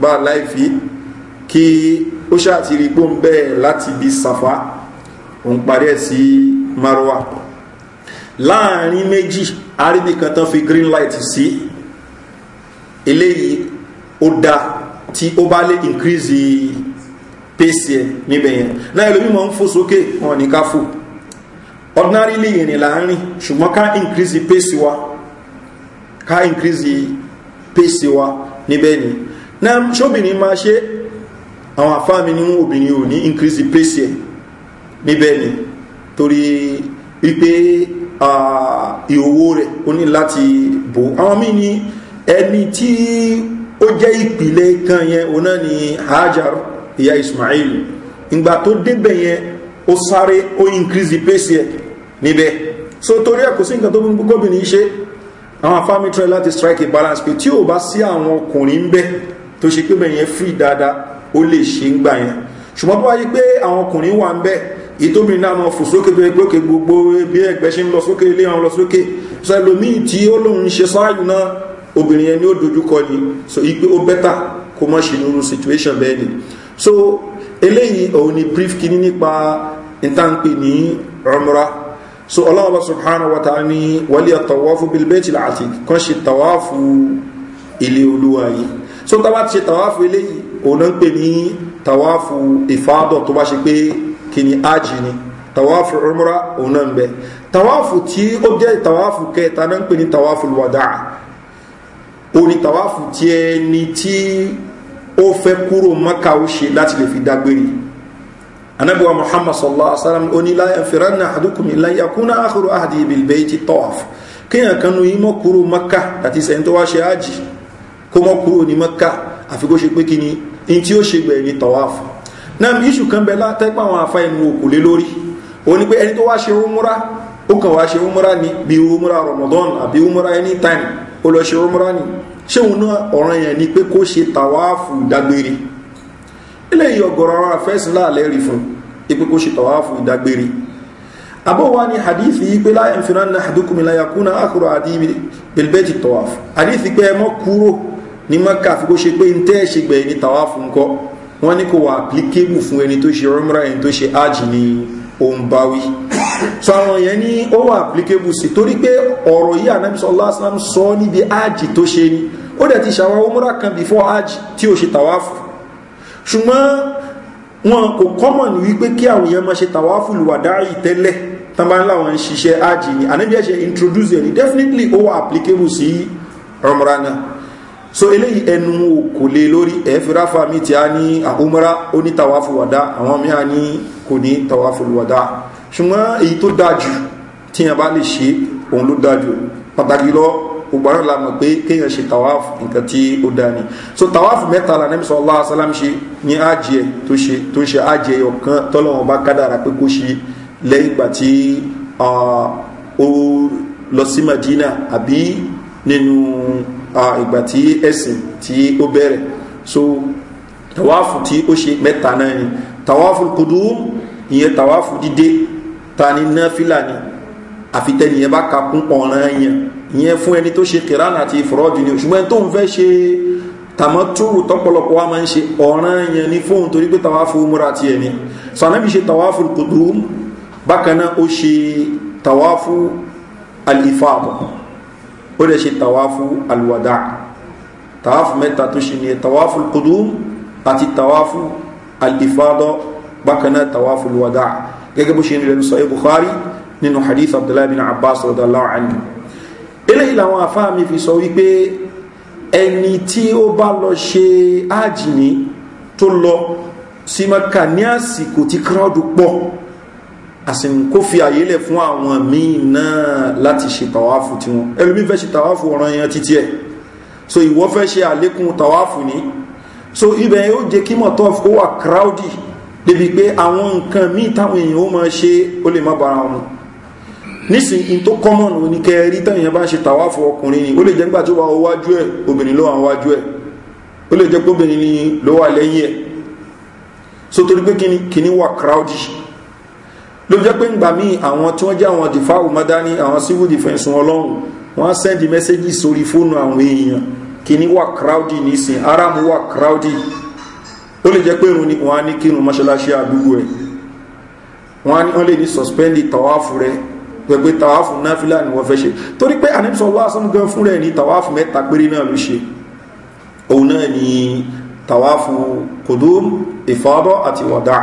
bá láìfi kí ó ṣáàtì rí pó ń bẹ́ẹ̀ láti bí sàfá òun parí ẹ̀ sí marwa láàrin méjì arínì kan tán fi green light sí eléyìí ó da tí ó bá lè increase pace ẹ níbẹ̀ yẹn náà ẹlòmímọ̀ ń fò sókè wọn ní ká fò ordinarily ìrìn láàrin ṣùgbọ́n ká increase pace wa ká increase pace wa níbẹ̀ ni na ṣóbìnrin máa ṣe àwọn àfáàmì ní obìnrin ò ní increase the pace ẹ̀ níbẹ̀ ni torí wípé ìhòòhò rẹ̀ ó ní láti bò àwọn míì ní ẹni tí ó jẹ́ ìpìlẹ̀ kan yẹn òun náà ni hajar ìyá ismail ìgbà tó débẹ̀ yẹn ó sáré ó increase the pace ẹ̀ níbẹ̀ so torí ẹ̀ kò sí nǹkan tó ń gbóbìnrin ṣe àwọn afáàmì try láti strike a balance pé tí ò bá sí àwọn ọkùnrin bẹ́ẹ̀ tó ṣe pé bẹ́ẹ̀ yẹn free dáadáa ó lè ṣe ń gbà yẹn ṣùgbọ́n tó wáyé pé àwọn ọkùnrin wà ń bẹ́ ìtómìnira àwọn fò sókè tó ẹgbẹ́ òkè gbogbo bí ẹgbẹ́ ṣe ń lọ sókè ilé àwọn lọ sókè sọ ẹlòmíì tí ó lóun ṣe sáàyù náà obìnrin yẹn ni ó dojúkọ ni so ipe ó bẹ́tà kó mọ́ ṣe nínú situation bẹ́ẹ̀ ni so eléyìí òun ni brief kìíní nípa ìtànpè ní ọmọra so ọlọ́run bá subhanahu wa ta'ala ni wàlíyà tọ̀wọ́fù bilbẹ́tì àti kan ṣe tọ̀wọ́fù ilé olúwa yìí so tá bá ti ṣe tàwáfù eléyìí òun náà ń pè ní tàwáfù ìfàdọ̀ tó bá ṣe pé kì ní ájì ni tàwáfù umra òun náà ń bẹ tàwáfù tí ó jẹ́ tàwáfù kẹta náà ń pè ní tàwáfù wàdáà ó ní tàwáfù tí ẹni tí ó fẹ́ kúrò maka ó ṣe láti lè fi dágbére anabiwa muhammad sallallahu alaihi wa sallam ó ní la yanfiranna ahadukum illa yakuna akhiru ahdi bil bayti tawaf mọ́ kúrò maka àti sẹ́yìn tó wá ṣe ájì kó mọ́ kúrò ní mọ́ká àfi kó ṣe pé kí in tí ó ṣe gbẹ̀yìn tawaf náà iṣu kan bẹ látẹ́pọ̀ àwọn afa ẹnu òkú lé lórí ó ní pé ẹni tó wá ṣe umura ó kàn wá ṣe umura ni bí umura ramadan àbí umura anytime ó lọ ṣe umura ni ṣé òun náà ọ̀ràn yẹn ni pé kó ṣe tawaafu ìdágbére ilé yìí ọ̀gọ̀rọ̀ àwọn afẹ́sìn láàlẹ́ rí fún ipé kó ṣe tawaafu ìdágbére abọ́wá ni hadithi yìí pé láyé nfinna na hadukumi láyà kúnà àkùrọ̀ àdìmí bilbẹ́tì tawaafu hadithi pé ẹ mọ́ kúrò ní maka fi kó ṣe pé ntẹ́ ẹ̀ ṣe gbẹ̀yìn ní tàwa fún kọ́ wọ́n ní kò wà àplíkébù fún ẹni tó ṣe rọ́mùrà ẹni tó ṣe ájì ní ohun bá wí so àwọn yẹn ní ó wà àplíkébù sí torí pé ọ̀rọ̀ yìí ànábìsọ lásán sọ níbi ájì tó ṣe ni ó dẹ̀ ti ṣàwọn ọmọdé kan before ájì tí ó ṣe tàwa fún ṣùgbọ́n wọn kò kọ́mọ̀ ní wípé kí àwọn yẹn máa ṣe tàwa fún lùwàdá yìí tẹ́lẹ̀ tán bá ń ni definitely ó wà àplíkébù sí so eléyìí ẹnu kò lè lórí ẹ̀fẹ́ra fami tí a ní àhúmọ́ra ó ní tàwáfù wàdá àwọn mi a ní kò ní tàwáfù wàdá ṣùgbọ́n èyí tó dájú tí a bá lè ṣe òun ló dájú pàtàkì lọ ògbàrán la mọ̀ pé kéèyàn ṣe tàwáfù nǹkan tí ó dá ni so tàwáfù mẹ́ta la nẹ́bí sọ́lá asálám ṣe ní àjẹ́ tó ṣe tó ṣe àjẹ́ ọ̀kan tọ́lọ́wọ́n bá kádàrà pé kó ṣe lẹ́yìn ìgbà tí ó lọ sí madina àbí nínú ìgbà tí ẹ̀sìn tí ó bẹ̀rẹ̀ so tàwáfù tí ó ṣe mẹ́ta náà ni tàwáfù kudum ìyẹn tàwáfù dídé ta ni náfìlà ni àfitẹ́niyẹn bá kakún ọ̀ràn yẹn ìyẹn fún ẹni tó ṣe kìránà àti ìfọ̀rọ̀jù ni ṣùgbọ́n tó ń fẹ́ ṣe tàmọ́túrù tọ́pọ̀lọpọ̀ wa máa ń ṣe ọ̀ràn yẹn ní fóun torí pé tàwáfù múra ti ẹ̀ ni sànàbí ṣe tàwáfù kudum bákan náà ó ṣe tàwáfù alifáàbọ̀ ó lè ṣe tàwáfù alùwàdà tàwáfù mẹ́ta tó ṣe ní tàwáfù kudum àti tàwáfù alìfádọ́ bákanáà tàwáfù alùwàdà gẹ́gẹ́ bó ṣe ní lẹ́nu sọ́yẹ́ buhari nínú hadith abdullahi bin abbas radallahu anhu eléyìí làwọn afáàmì fi sọ wípé ẹni tí ó bá lọ ṣe ájìní tó lọ sí maka ní àsìkò tí kírọ́dù pọ̀ àsìnkó fi àyè lẹ̀ fún àwọn míì náà láti ṣe tàwáfù tiwọn ẹlòmíì fẹ́ ṣe tàwáfù ọ̀ràn yẹn títí ẹ̀ so ìwọ fẹ́ ṣe àlékún tàwáfù ní so ibẹ̀ yóò jẹ́ kí mọ̀tọ́f ó wà crowdy débi pé àwọn nǹkan míì táwọn èèyàn ó máa ṣe ó lè má bára wọn nísìn in tó kọ́mọ̀nù ní kẹrí táwọn èèyàn bá ń ṣe tàwáfù ọkùnrin ni ó lè jẹ́ nígbà tó wà wájú ẹ̀ obìnrin ló wà wájú ẹ̀ ó lè jẹ́ pé obìnrin ló wà lẹ́yìn ẹ̀ so torí pé kíní wà crowdy ló jẹ́ pé ńgbà míì àwọn tí wọ́n jẹ́ àwọn dìfáwù mọ́dání àwọn civil defence wọn lọ́hùn wọ́n sẹ́ndì mẹ́sẹ́gì sórí fóònù àwọn èèyàn kìíní wà crowdy nísìn aramu wà crowdy ó lè jẹ́ pé irun ni wọ́n á ní kírun mọ́ṣáláṣí àdúgbò ẹ̀ wọ́n lè ní sọ̀spẹ́ndì tàwáfù rẹ̀ pẹ̀pẹ́ tàwáfù náfílà ni wọ́n fẹ́ ṣe torí pé àníṣọ́ lásán gan fún rẹ̀ ní tàwáfù mẹ́ta péré náà ló ṣe òun náà ni tàwáfù kòdó ìfọ́bọ́ àti wọ̀dáà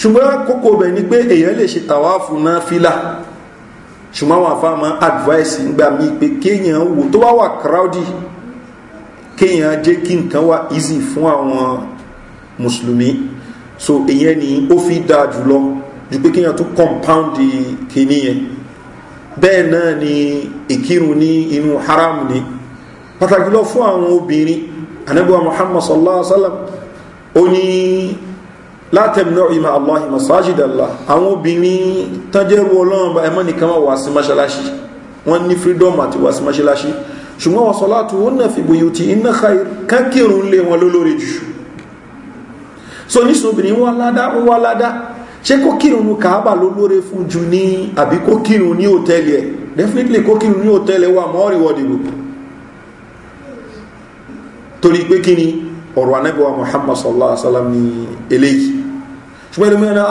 ṣùgbọ́n kókó bẹ̀ ni pé èèyàn lè ṣe tàwáàfù náà fílà ṣùgbọ́n àwọn àfáà máa advice ńgbà mí pé kéèyàn wò tó wá wà crowdy kéèyàn jẹ́ kí nǹkan wà easy fún àwọn mùsùlùmí so èèyàn ni ó fi dáa jùlọ ju pé kéèyàn tún compound kìíní yẹn bẹ́ẹ̀ náà ni ìkírun ní inú haram ni pàtàkì lọ fún àwọn obìnrin anábíwá muhammad sallallahu alaihi wa sallam ó ní látẹ̀mínú ìmọ̀ allah masajidala àwọn obìnrin tánjẹ́rú ọlọ́run bá ẹmọ́ nìkan wà sí mọ́ṣáláṣí wọ́n ní freedom àti wà sí mọ́ṣáláṣí ṣùgbọ́n wọ́n sọ láti wọ́n náà fi gbòyìn tí iná kákìrún lé wọn lólórí jù so nísìn obìnrin wọ́n ládá ó wá ládá ṣé kó kírun kàábà lólórí fún jù ní àbí kó ní òtẹ́lì ẹ̀ definitely kó ní òtẹ́lì wà mọ́ reward group torí pé kí ni ọ̀rọ̀ anábíwá muhammad sallallahu alaihi wasallam ni eléyìí ṣùgbọ́n ẹlòmí ẹ̀nà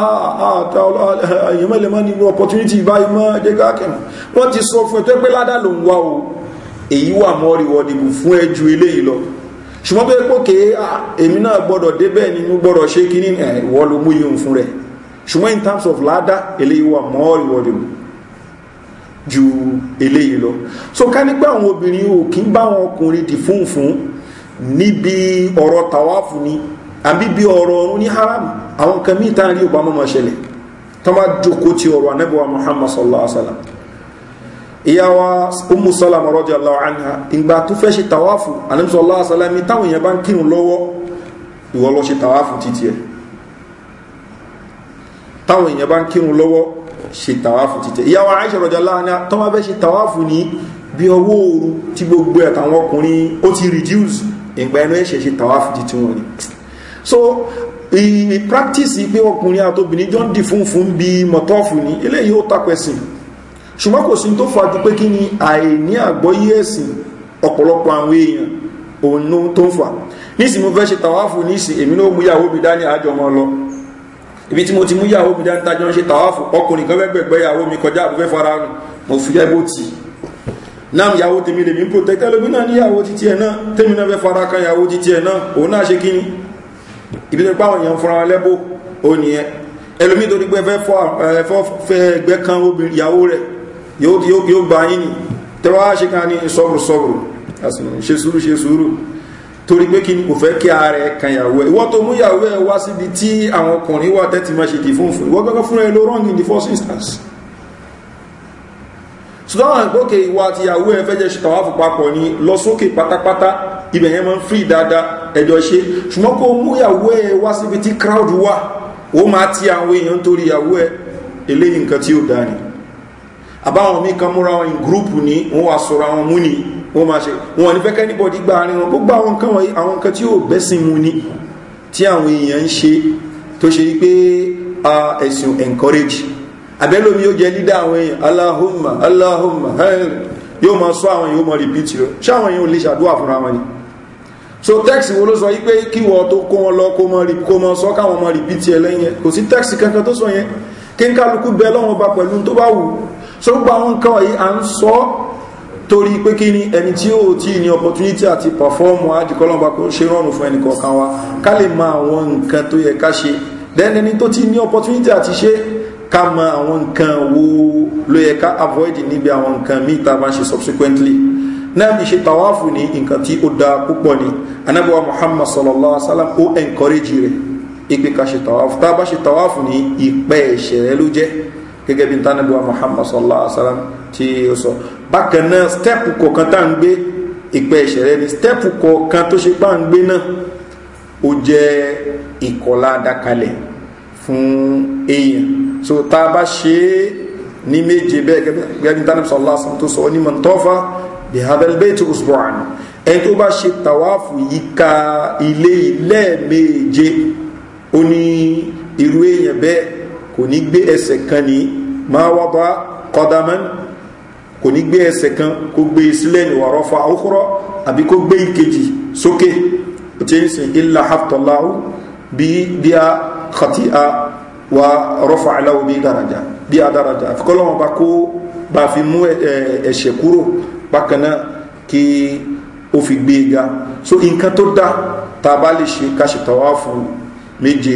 àtà àyẹ̀mọ́lẹ̀ mọ́ opportunity báyìí mọ́ jẹ́gá kẹ̀mọ́ wọ́n ti sọ fún ẹ tó pé ládà ló ń wá o èyí wà mọ́ rewardable fún ẹ ju eléyìí ṣùgbọ́n pé pókè ah, èmi náà gbọ́dọ̀ débẹ̀ ni mo gbọ́dọ̀ ṣe in terms of ládà eléyìí wà mọ́ ju eléyìí lọ so ká nípa àwọn obìnrin ò kí ń bá àwọn ọkùnrin dì fún fún àbí bí ọ̀rọ̀ ọ̀run ní haram àwọn nǹkan míì tán rí ọba mọ́mọ́ ṣẹlẹ̀ tó máa jókòó ti ọ̀rọ̀ anábọ̀wá muhammad sallallahu alaihi wa sallam ìyá wa umu salama rọ́jì aláwọ̀ anha ìgbà tó fẹ́ ṣe tàwáfù anábì sallallahu alaihi wa sallam táwọn èèyàn bá ń kírun lọ́wọ́ ìwọ lọ ṣe tàwáfù títí ẹ̀ táwọn èèyàn bá ń kírun lọ́wọ́ ṣe tàwáfù títí ẹ̀ ìyá wa aisha so ìpractice pé pe okunrin jọ ń funfun fún fún bí mọ̀tọ́fù ní ilé yíó takwẹ̀sìn ṣùgbọ́n kò sí tó fàájú pé kí ni àìní àgbọ́yé ẹ̀sìn ọ̀pọ̀lọpọ̀ àwọn èèyàn òun tó ń fà nísìn mo fẹ́ ṣe tàwáfù nísìn èmi ló mú yàwó mi dání àjọ mọ́ lọ ibi tí mo ti mú yàwó mi dání tájọ́ ṣe tàwáfù ọkùnrin kan yàwó mi kọjá àbúfẹ́ fara ibi tó pàwọn èèyàn fúnra wọn lẹ́bù ó nìyẹn ẹlòmíì tó dípẹ́ fẹ́ ẹgbẹ́ kan ìyàwó rẹ̀ yóò gba yín ni tẹ́wọ́ á ṣe kan ní sọ́bùrù sọ́bùrù ṣe sùúrù ṣe sùúrù torí pé kí ni kò fẹ́ kí ààrẹ kan ìyàwó ẹ̀ ìwọ́n tó mú ìyàwó ẹ̀ wá síbi tí àwọn ọkùnrin wà tẹ́tì máa ṣe dìfún fún ìwọ́n gbọ́gbọ́ fún ẹ ló wrong in the first instance ṣùgbọ́n àgbókè ìwà àti ìyàwó ẹ̀ fẹ́ jẹ́ ṣe tàwáfù papọ̀ ni lọ sókè pátápátá ibẹ̀ yẹn máa ń free dáadáa ẹjọ́ ṣe ṣùgbọ́n kó mú ìyàwó ẹ wá síbi tí crowd wà ó máa ti àwọn èèyàn torí ìyàwó ẹ eléyìí nǹkan tí ó dá ni àbáwọn mi kan múra wọn in gúrúùpù ni wọn wá sọra wọn mú ni wọn máa ṣe wọn ní fẹ́kẹ́ níbọ̀dí gba àárín wọn gbogbo àwọn nǹkan wọ̀nyí àwọn nǹkan tí ó bẹ́sìn mu ni tí àwọn èèyàn ń ṣe tó ṣe pé ẹ̀sùn encourage àbẹ́lómi ó jẹ́ lídà àwọn èèyàn aláhùnmá aláhùnmá yóò máa sọ àwọn èèyàn ó máa repeat rẹ̀ ṣáwọn èèyàn ò lè ṣàdúrà fúnra wọn ni so text wo ló sọ yí pé kí wọ́n tó kó wọn lọ kó mọ kó mọ sọ káwọn mọ rìpítì ẹ lẹ́yìn kò sí text kankan tó sọ yẹn kí n kálukú bẹ lọ́wọ́n ba pẹ̀lú tó bá wù so gba àwọn nǹkan wọ̀nyí à ń sọ torí pé kí ni ẹni tí ó ti ní opportunity àti pàfọ́ọ̀mù àdìkọ́lọ́mọba kó ṣe rọrùn fún ẹnì kọ̀ọ̀kan wa ká lè mọ àwọn nǹkan tó yẹ ká ṣe then ẹni tó ti ní opportunity àti ṣe ká mọ àwọn nǹkan wo ló yẹ ká avoid níbi àwọn nǹkan míì tá a bá ṣe subsequently náà ní ṣe tàwáfù ní nǹkan tí ó da púpọ̀ ni anábíwá muhammad sallallahu alaihi wasallam ó encourage rẹ̀ ipe ká ṣe tàwáfù tá a bá ṣe tàwáfù ní ìpẹ́ ẹ̀ṣẹ̀ rẹ ló jẹ́ gẹ́gẹ́ bí tánàbíwá muhammad sallallahu alaihi tí ó sọ bákan náà step kọ̀ọ̀kan tá à ń gbé ìpẹ́ ẹ̀ṣẹ̀ rẹ ni step kọ̀ọ̀kan tó ṣe pá à ń gbé náà ó jẹ́ ìkọlá dákalẹ̀ fún èèyàn so tá a bá ṣe é ní méje bẹ́ẹ̀ gẹ́gẹ́ bí tánàbíwá sallallahu bí havelbeit usbuan ẹni tó bá ṣe tàwáàfù yíká ilé lẹ́ẹ̀méje ó ní irú èèyàn bẹ́ẹ̀ kò ní gbé ẹsẹ̀ kan ní máa wá bá kọ́dámán kò ní gbé ẹsẹ̀ kan kó gbé e sílẹ̀ ní wàrọ̀ fa àwòkúrọ̀ àbí kó gbé ìkejì sókè ó ti ń sìn ilà haftaláhu bí bí a kàtí a wa rọ́fà aláwo bí daraja bí a daraja àfikọ́lọ́wọ́n bá kó bá fi mú ẹ̀ṣẹ̀ kúrò bákan náà kí ó fi gbé ga so nǹkan tó dá tá a bá lè ṣe ká ṣe tàwáàfù méje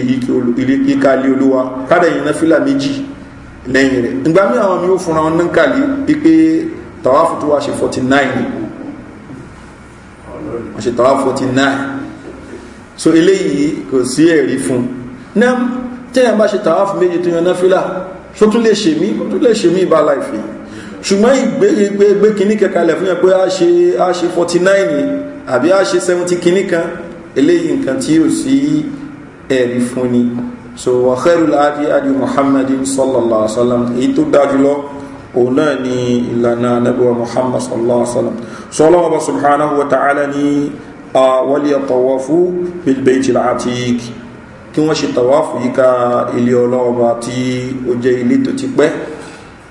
ìka ilé olúwa kádẹ̀yìn náà fílà méjì lẹ́yìn rẹ̀ ìgbà mí àwọn mi ó fúnra wọn náà kàlí wípé tàwáàfù tó wá ṣe 49 wọ́n ṣe tàwáàfù 49 so eléyìí kò sí ẹ̀rí fún náà tẹ́yàn bá ṣe tàwáàfù méje tó yan náà fílà tó tún lè ṣe mí tún lè ṣe mí ìbá láìfihàn ṣùgbọ́n ìgbé kìíní kẹkàlẹ̀ fún yẹn pé a ṣe 49 àbí a ṣe 70 kìíní kan eléyìí nǹkan tí yóò sí ẹ̀rí fún ni so wa khairul adi adi muhammadin sallallahu alaihi wasallam èyí tó dájú lọ òun náà ni ìlànà nabuwa muhammad sallallahu alaihi wasallam sọlọ́wọ́ bá subhanahu wa ta'ala ni a wali tawafu bil baiti al-atiq kí ilé ọlọ́wọ́ tí ó jẹ́ ilé tó ti pẹ́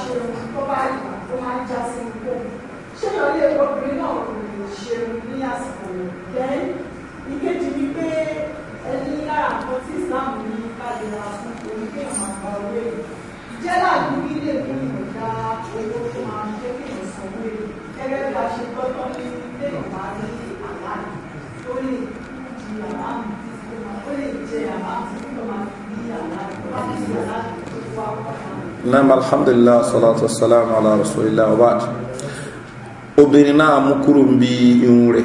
ṣeun tó bá yìí tó máa ń já sí ikú ṣé ìyọlé obìnrin náà kò lè ṣeun ní àsìkò rẹ̀ ìkejì ni pé ẹni lára nǹkan tí Islam ní káàdì ra fún orí pé àwọn àgbà owó èlò jẹ́ láàbù ilé ìlú ìmọ̀dá owó tó máa ń jẹ́ kí èèyàn san owó èlò gẹ́gẹ́ bí a ṣe gbọ́dọ̀ ní ilé ìwà ní àlàyé tó lè di àlàyé tó lè jẹ àlàyé tó máa fi bí àlàyé tó máa fi bí àlàyé tó wá wọ́n máa. nam alhamdulillah salatu wasalam ala rasulillah obad obìnrin náà naa kúrò ń irun rẹ̀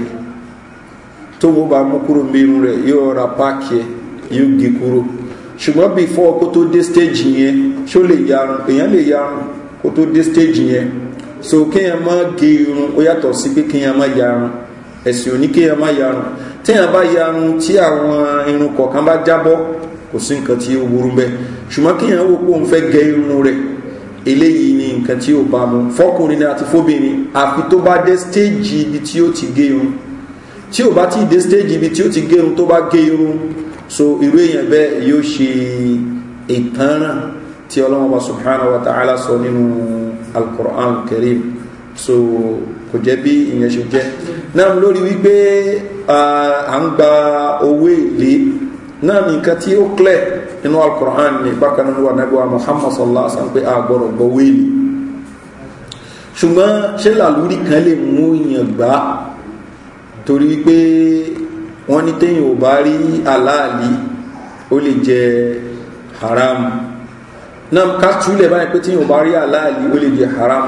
tó wọ́n bá mú irun rẹ̀ yóò ra páàkì ẹ̀ yóò ṣùgbọ́n before stage yẹn ṣó le yarun èèyàn yarun stage so kéèyàn má irun ó yàtọ̀ sí pé kéèyàn má yarun ẹ̀sìn òní kéèyàn má yarun téèyàn bá yarun tí àwọn irun kọ̀ọ̀kan kò sí nǹkan tí ó burú bẹ́ẹ̀ ṣùgbọ́n kí èèyàn wò pé òun fẹ́ gẹ irun rẹ̀ eléyìí ni nǹkan tí ó bá mu fọkùnrin àti fóbìnrin àfi tó bá dé stéèjì ibi tí ó ti gé irun tí ò bá ti dé stéèjì ibi tí ó ti gé irun tó bá gé irun so irú èèyàn bẹ́ẹ̀ yóò ṣe ìtanràn tí ọlọ́run bá subhanahu wa ta'ala sọ nínú alkur'an kareem so kò jẹ́ bí ìyẹn ṣe jẹ́ náà lórí wípé à ń gba owó èlé náà nìkan tí ó clear nínú alukur'an ní bákan náà wà nàbí wa muhammad sallallahu alaihi wa sallam pé a gbọ́dọ̀ gbọ́ wéèlì ṣùgbọ́n ṣé làlúrí kan lè mú yàn gbá torí pé wọ́n ní téyàn ò bá rí aláàlì ó lè jẹ haram náà ká túlẹ̀ báyìí pé téyàn ò bá rí aláàlì ó lè jẹ haram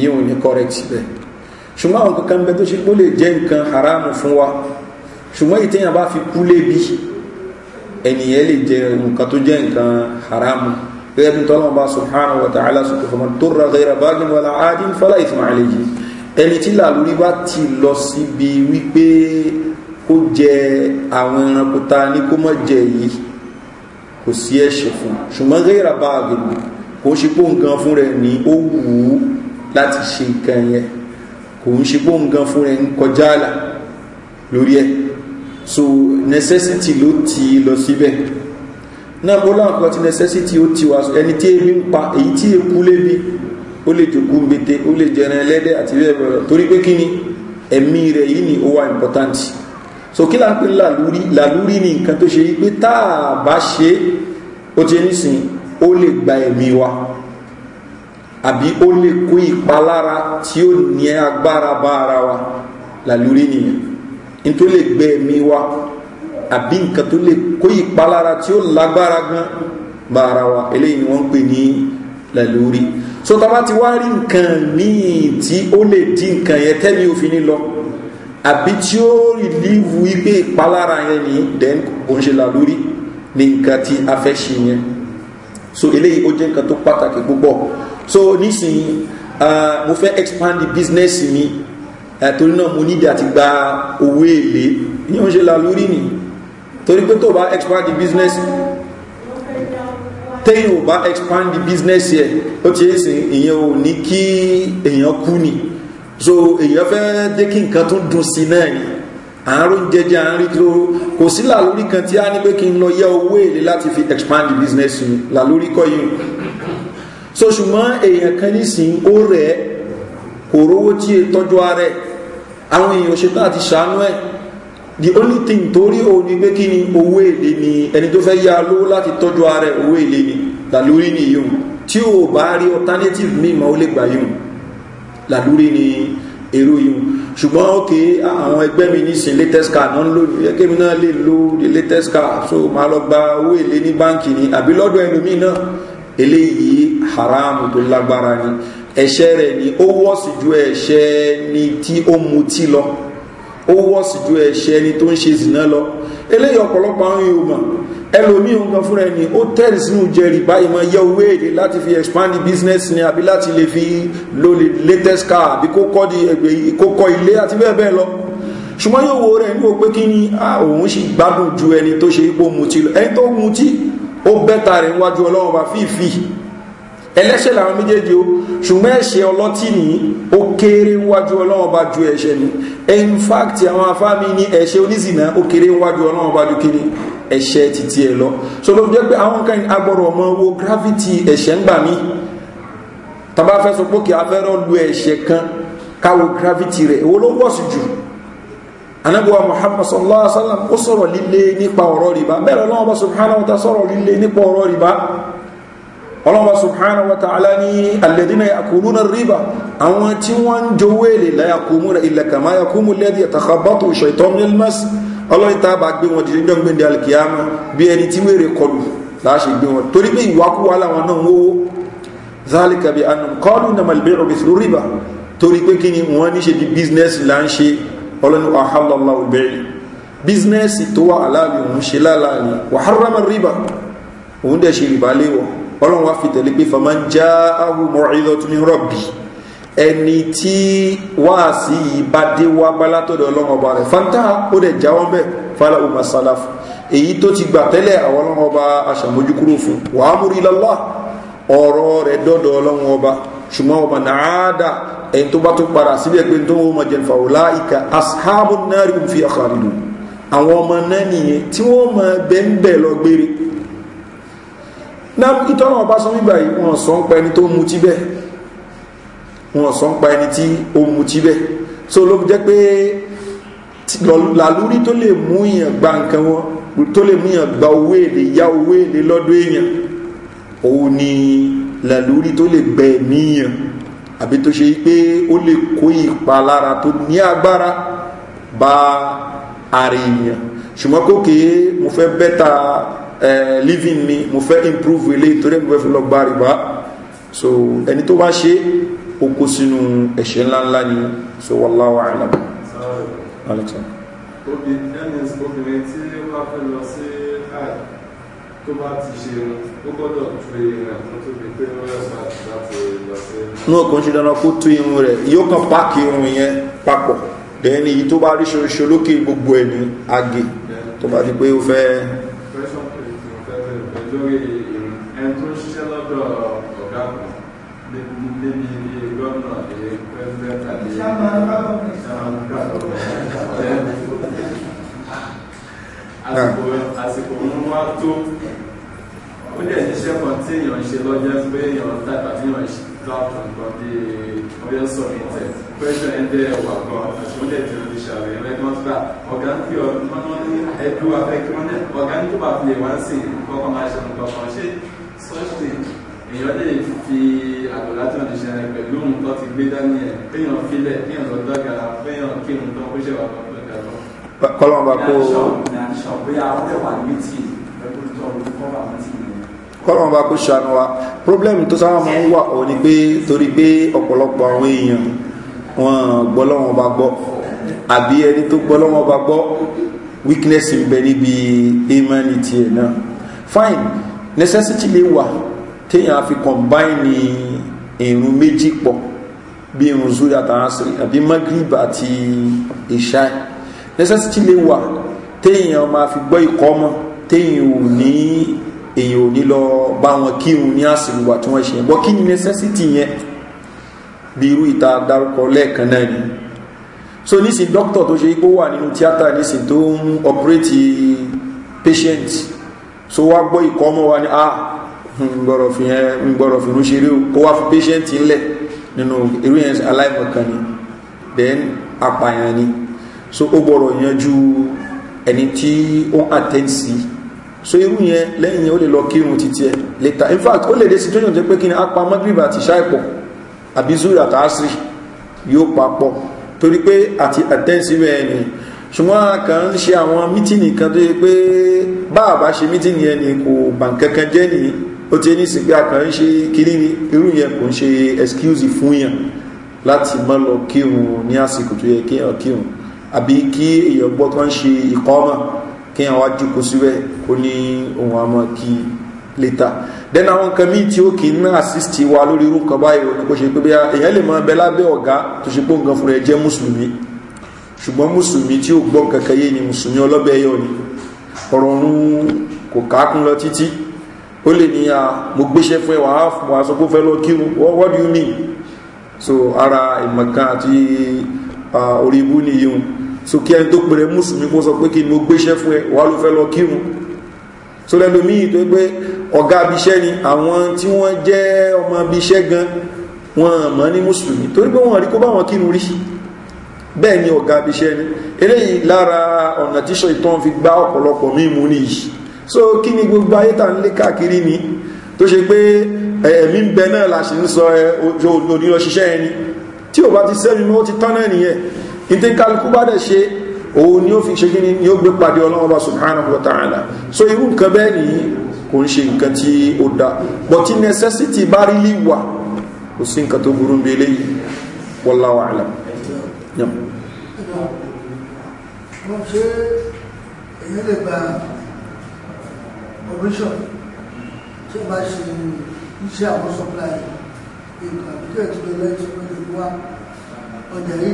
yíò ní correct bẹ́ẹ̀ ṣùgbọ́n àwọn kankan bẹ tó ṣe ó lè jẹ́ nǹkan haram fún wa ṣùgbọ́n ìtẹ́yàn bá fi kú lébi ẹnìyẹn lè jẹ nǹkan tó jẹ́ nǹkan haramu gẹ́gẹ́ bí tọ́lọ́wọ́n bá subhanahu wa ta'ala sọ pé man turra ghayra baghin wala adin fala ithma alayhi ẹni tí làlórí bá ti lọ síbi wípé kó jẹ àwọn ẹranko ta ní kó má jẹ yìí kò sí ẹ̀ṣẹ̀ fún ṣùgbọ́n ghayra baghin kò ṣe pó nǹkan fún rẹ̀ ní ó wù ú láti ṣe nǹkan yẹn kò ń ṣe pó nǹkan fún rẹ̀ ń kọjá àlà lórí ẹ̀ so necessity ló ti lọ síbẹ̀ náà ó láǹkọ tí necessity ó ti wá ẹni tí ebi ń pa èyí tí eku lébi ó lè jòkó ń bete ó lè jẹran ẹlẹ́dẹ̀ àti bẹ́ẹ̀ bẹ́ẹ̀ lọ torí pé kí ni ẹ̀mí rẹ̀ yìí ni ó wà important so kí là ń pè làlúrí làlúrí ni nǹkan tó ṣe pé tá a bá ṣe ó ti nísìn ó lè gba ẹ̀mí wa àbí ó lè kó ìpalára tí ó ní agbára bá ara wa làlúrí nìyẹn n tó lè gbẹ ẹ̀mí wa àbí nǹkan tó lè kó ìpalára tí ó lágbára gan bá wa eléyìí ni wọ́n ń pè ní lẹ́lórí so tàbá ti wá rí nǹkan míì tí ó lè di nǹkan yẹn tẹ́mi òfin ní lọ àbí tí ó rìlíìvù wípé ìpalára yẹn ní dẹ́n kò ń ṣe làlórí ní nǹkan tí a fẹ́ ṣe yẹn so eléyìí ó jẹ́ nǹkan tó pàtàkì púpọ̀ so nísìnyí uh, mo fẹ́ expand the business mi torí náà mo nídìí àti gba owó èlé ní wọ́n la lórí nì torí pé tó bá expand the business tẹ́yìn ò bá expand the business yẹ ó ti ṣe èèyàn ò ní kí èèyàn kú ni so èèyàn fẹ́ jẹ́ kí nǹkan tó dùn sí náà ni àárún jẹjẹ àárín tó kò sí làlórí kan tí a ní pé kí n lọ yẹ owó èlé láti fi expand the business yìí làlórí kọ́ yìí so ṣùgbọ́n èèyàn kan nísìnyí ó rẹ̀ ẹ́ kò rówó tí e tọ́jú ara àwọn èèyàn ṣetán àti ṣàánú ẹ̀ the only thing torí o ni pé kí ni owó èlé ni ẹni tó fẹ́ yá lówó láti tọ́jú ara owó èlé ni làlórí ni yóò tí o bá rí alternative míì máa ó lè gbà yóò làlórí ni èrò yìí ṣùgbọ́n òkè àwọn ẹgbẹ́ mi nísìn latest car náà ń lò ní mi náà lè lo the latest car so máa lọ gba owó èlé ní báǹkì ni àbí lọ́dọ̀ ẹlòmíì náà eléyìí haram tó lágbára ni ẹ̀ṣẹ̀ rẹ̀ ni ó wọ́sì ju ẹ̀ṣẹ̀ ni tí ó mutí lọ ó wọ́sì ju ẹ̀ṣẹ̀ ni tó ń ṣe zìnà lọ eléyìí ọ̀pọ̀lọpọ̀ àwọn yóò mọ̀ ẹlòmíì nǹkan fúnra ẹni ó tẹ̀rì sínú jẹrì báyìí mọ yẹ owó èdè láti fi expand the business ni àbí láti lè fi lo the latest car àbí kó kọ́ di ẹgbẹ́ kó kọ́ ilé àti bẹ́ẹ̀ bẹ́ẹ̀ lọ ṣùgbọ́n yóò wo rẹ̀ níwò pé kí ni òun sì gbádùn ju ẹni tó ṣe ipò mutí lọ ẹni tó mutí ó bẹ́ta rẹ̀ wájú ọlọ́run bá fífi ẹlẹ́ṣẹ̀ làwọn méjèèjì o ṣùgbọ́n ẹ̀ṣẹ̀ ọlọ́tí ni ó kéré wájú ọlọ́run bá ju ẹ̀ṣẹ̀ ni in fact àwọn afámi ní ẹ̀ṣẹ̀ oníṣìnà ó kéré wájú ọlọ́run bá ju kíni ẹ̀ṣẹ̀ títí ẹ̀ lọ so ló fi jẹ́ pé àwọn kan agbọ̀rọ̀ ọmọ wo gravity ẹ̀ṣẹ̀ ń gbà mí tàbá fẹ́ sọ pé kí a fẹ́ràn lu ẹ̀ṣẹ̀ kan káwo gravity rẹ̀ èwo ló wọ́sì jù anabuwa muhammad sallallahu alaihi wa sallam ó sọ̀rọ̀ líle nípa ọ̀rọ̀ rìbá bẹ́ẹ̀ lọ́wọ́ bá subhanahu wa ta sọ̀rọ̀ líle nípa ọ̀rọ̀ rìbá ọlọ́wọ́ subhanahu wa ta'ala ní alẹ́dínà àkùnrin náà ríbà àwọn tí wọ́n ń jowó èlé láyàkùnmú rẹ̀ ilẹ̀ kàmá yàkùnmú lẹ́dí ẹ̀tàkàbọ́tò ṣètọ́n nílmẹ́sì ọlọ́ìta bá gbé wọn dìde jọ́gbé ní alkiyama bí ẹni tí wèrè kọlù láṣẹ gbé wọn torí pé ìwákúwá làwọn náà wó zálìkà bí anam kọlù nà malbẹ́rọ̀ bí sùn ríbà torí pé kí ni wọ́n ní ṣe di bísínẹ́sì là ọlọ́nu àhàlọ́lá òbẹ̀rẹ̀ bísínẹ́sì tó wà aláàbì òun ṣe láàlá ni wàhálà ríbà òun dẹ̀ ṣe rìbá léwọ̀n ọlọ́run wá fi tẹ̀lé pé fama ń já ahùmọ̀ ìdọ̀tún ní rọ̀bì ẹni tí wáàsí yìí bá dé wá bá látọ̀dọ̀ ọlọ́run ọba rẹ̀ fanta ó dẹ̀ jáwọ́ bẹ́ẹ̀ fala umar salaf èyí tó ti gbà tẹ́lẹ̀ àwọn ọlọ́run ọba aṣàmójúkúrò fún wàá múri lọ́lá ọ̀rọ̀ rẹ̀ dọ́dọ̀ ọlọ́run ọba ṣùgbọ́n ọba nàádà ẹ̀yìn tó bá tó padà síbẹ̀ pé tó wọ́n mọ̀jẹ̀ fàwọlá ìka asáàbù náà rí fi àkàrìlù àwọn ọmọ náà nìyẹn tí wọ́n mọ bẹ́ẹ̀ lọ gbére náà ìtọ́nà ọba sọ nígbà yìí wọ́n sọ ń pa ẹni tó mutí bẹ́ẹ̀ wọ́n sọ ń pa ẹni tí ó mutí bẹ́ẹ̀ so ló jẹ́ pé làlúrí tó lè mú èèyàn gba nǹkan wọn tó lè mú èèyàn gba owó èlé yá owó èlé lọ́dọ̀ èèyàn òun ni làlúrí tó lè gbẹ níyàn àbí tó ṣe pé ó lè kó ìpalára tó ní agbára bá ara èèyàn ṣùgbọ́n kókè mo fẹ́ bẹ́ta uh, living mi mo fẹ́ improve ilé torí mo fẹ́ fi lọ gba rìbá so ẹni tó bá ṣe ó kó sínú ẹ̀ṣẹ̀ ńláńlá ni so wallahu a'lam. Alexander. obìnrin tí wọ́n fẹ́ lọ sí àì tó bá ti ṣe ó gbọ́dọ̀ tu irun àtúntò tó fi pé ó yẹ láti lọ sí. inú ọkàn ṣe dandan kó tú irun rẹ̀ yóò kàn páàkì irun yẹn papọ̀ dẹ́ni èyí tó bá rí ṣoṣo lókè gbogbo ẹ̀ ní àgè tó bá di pé ó fẹ́ẹ́ lórí ìrìn ẹni tó ṣiṣẹ́ lọ́dọ̀ ọ̀gá kan níbi ilé gómìnà ilé pẹ́ẹ́pẹ́ tàbí àsìkò ń wá tó ó dẹ̀ ṣiṣẹ́ kan tí èèyàn ń ṣe lọ́jọ́ pé èèyàn tàbí èèyàn ń ṣe láàpù nǹkan bí ọyọ́sọ̀ mi tẹ̀ pẹ́sọ̀ ẹ̀ ń tẹ́ ọ̀pá kan àṣọ́lẹ̀ tí wọ́n ti ṣàlàyé mẹ́tọ́ ti bá ọ̀gá ń fi ọ̀nà ní ẹ̀dú afẹ́ kí wọ́n ní ọ̀gá ní tó bá fi lè wá sí kọ́kọ́ máa ṣe nǹkan kan ṣe such thing èèyàn lè fi àgbàlá tí wọ́n ti ṣe rẹ̀ pẹ̀lú ohun tó ti gbé dání ẹ̀ péyàn filẹ̀ péyàn wa problem tó sáà máa ń wà ọ̀ ni pé torí pé ọ̀pọ̀lọpọ̀ àwọn èèyàn wọn gbọ́lọ́wọ́n bá gbọ́ àbí ẹni tó gbọ́lọ́wọ́n bá gbọ́ weakness ń bẹ níbi humanity ẹ̀ náà fine necessity lè wà téèyàn á fi combine irun méjì pọ̀ bí irun zuri àtàrásírí àbí magrib àti ìṣáì necessity lè wà téèyàn máa fi gbọ́ ikọ́ mọ́ téèyàn ò ní èèyàn ò ní lọ bá wọn kírun ní àsìkò àti wọn ṣe yẹn bọ́ kí ni necessity yẹn bí irú ìta dárúkọ lẹ́ẹ̀kan náà ni so nísìn dókítà tó ṣe ipò wà nínú tíátà nísìn tó ń ọpẹ́rẹ́tì patient so wá gbọ́ ìkọ́mọ́ wa ní ah gbọ́rọ̀ fìrún ṣeré o kó wá fún patient ńlẹ̀ nínú irú yẹn aláìmọ̀kan ni then apàyàn ni so ó gbọ́rọ̀ yanjú ẹni tí ó ń attend sí so irú yẹn lẹ́yìn yẹn ó lè lọ kírun títí ẹ̀ later in fact ó lè dé situation jẹ́ pé kí ni apá mọ́gírìbà àti ṣáìpọ̀ àbí zuri àti asiri yóò papọ̀ torí pé àti àtẹ́sí bẹ́ẹ̀ ni ṣùgbọ́n kàn ń ṣe àwọn mítìnì kan tó yẹ pé báàbá ṣe mítìnì yẹn ni kò bàǹkankan jẹ́ nìyí ó ti ní sí pé ń ṣe kiri ni irú yẹn kò ń ṣe excuse fún yàn láti má lọ kírun ní àsìkò tó yẹ kéèyàn kírun àbí kí èèyàn gbọ́ kan ṣe ìkọ́mọ̀ kéèyàn wá jókòó síbẹ̀ kó ní ohun àmọ́ kí lẹ́tà then àwọn nǹkan míì tí ó kì í ná assist wa lórí irú nǹkan báyìí ò ní kó ṣe pé bí èèyàn lè máa bẹ lábẹ́ ọ̀gá tó ṣe pé nǹkan fúnra ẹ jẹ́ mùsùlùmí ṣùgbọ́n mùsùlùmí tí ó gbọ́ kankan yé ni mùsùlùmí ọlọ́bẹ̀ ẹyọ ni ọ̀rọ̀ ọ̀run kò kákún lọ títí ó lè ní a mo gbéṣẹ́ fún ẹ wàá fún wa sọ pé ó fẹ́ lọ kírun what do you mean so ara ìmọ̀kan àti orí ibú nìyí so kí ẹni tó pèrè mùsùlùmí kó sọ pé kí ni mo gbéṣẹ́ fún ẹ wàá ló fẹ́ lọ kírun so lẹ́lòmíì tó pé ọ̀gá abiṣẹ́ ni àwọn tí wọ́n jẹ́ ọmọ abiṣẹ́ gan wọn mọ̀ ní mùsùlùmí torí pé wọ́n rí kó bá wọn kírun rí bẹ́ẹ̀ ni ọ̀gá abiṣẹ́ ni eléyìí lára ọ̀nà tíṣọ ìtàn fi gbá ọ̀pọ̀lọpọ̀ mímu nìyí so kí ni gbogbo ayé tà ń lé káàkiri ni tó ṣe pé ẹ̀mí ń bẹ náà la ṣe ń sọ ẹ onílọ ṣiṣẹ́ ẹni tí ò bá ti sẹ́mi mọ́ ó ti tán náà nìyẹn ìtẹ́kálukú bá dẹ̀ ṣe òun ni ó fi ṣe kí ni yóò gbé pàdé ọlọ́wọ́ subhanahu wa ta'ala so irú nǹkan bẹ́ẹ̀ ni kò ń ṣe nǹkan tí ó da but in necessity bá rí lè wà kò sí nǹkan tó burú bí eléyìí wallahu a'lam ṣe èyí lè gba operation tí ó yìí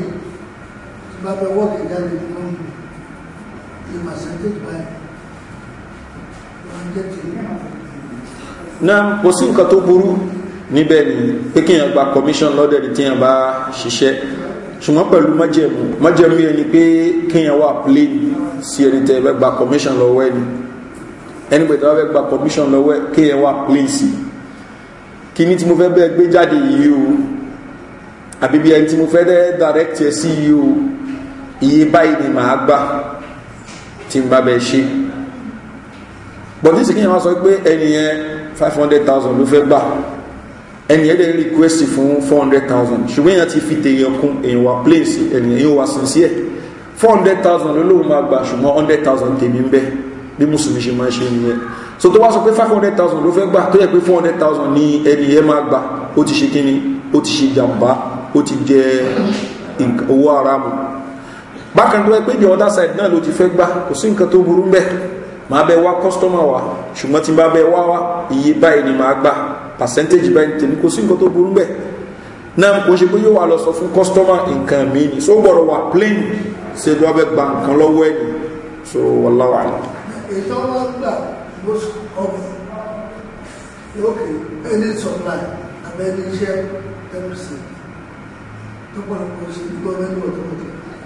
bá fẹ́ wọ́ọ̀kì jáde ní lóńdù ní percentage báyìí wọ́n jẹ́ ti ní náà kò sí nǹkan tó burú níbẹ̀ ni pé kí èèyàn gba commission lọ́dẹ̀ tí èèyàn bá ṣiṣẹ́ ṣùgbọ́n pẹ̀lú májẹ̀mú májẹ̀mú yẹn ni pé kí èèyàn wà plain sí ẹni tẹ́ fẹ́ gba commission lọ́wọ́ ẹni ẹni pẹ̀tẹ́ wọ́n fẹ́ gba commission lọ́wọ́ ẹ kí èèyàn wà plain sí kí ni tí mo fẹ́ bẹ́ẹ̀ gbé jáde yìí o àbí bí ẹni tí mo fẹ́ direct ẹ sí yìí o iye báyìí ni màá gbà tí n bá bẹ ṣe bọ̀dí sì kíyàn wá sọ pé ẹni five hundred thousand ló fẹ́ gbà ẹni lè request fún four hundred thousand ṣùgbọ́n èèyàn ti fi tèèyàn kún èèyàn wá place ènìyàn yóò wá sincere four hundred thousand ló lóun máa gbà ṣùgbọ́n hundred thousand tèmi ń bẹ bí mùsùlùmí ṣe máa ṣe nìyẹn so tó wá sọ pé five hundred thousand ló fẹ́ gbà tó yẹ pé four hundred thousand ni ẹni yẹn máa gbà ó ti ṣe kíni ó ti ṣe jàmbá ó ti jẹ owó aráàmù bákan tó ẹ pé the other side náà ló ti fẹ́ gbá kò sí nǹkan tó burú ń bẹ̀ màá bẹ wá kọ́sítọ́mà wa ṣùgbọ́n tí n bá bẹ wá wá iye báyìí ni màá gbà percentage báyìí ni tèmi kò sí nǹkan tó burú ń bẹ̀ náà kò ṣe pé yóò wá lọ sọ fún kọ́sítọ́mà nǹkan mi ni so gbọ́dọ̀ wà plain ṣe ló bẹ gba nǹkan lọ́wọ́ ẹ̀ ni so wàlá wà. ètò wọn gbà of lókè ẹni supply abẹ́ni iṣẹ́ mc tó pọ̀ ní kò sí gbọ́dọ̀ ní ọ̀tọ̀ọ̀tọ̀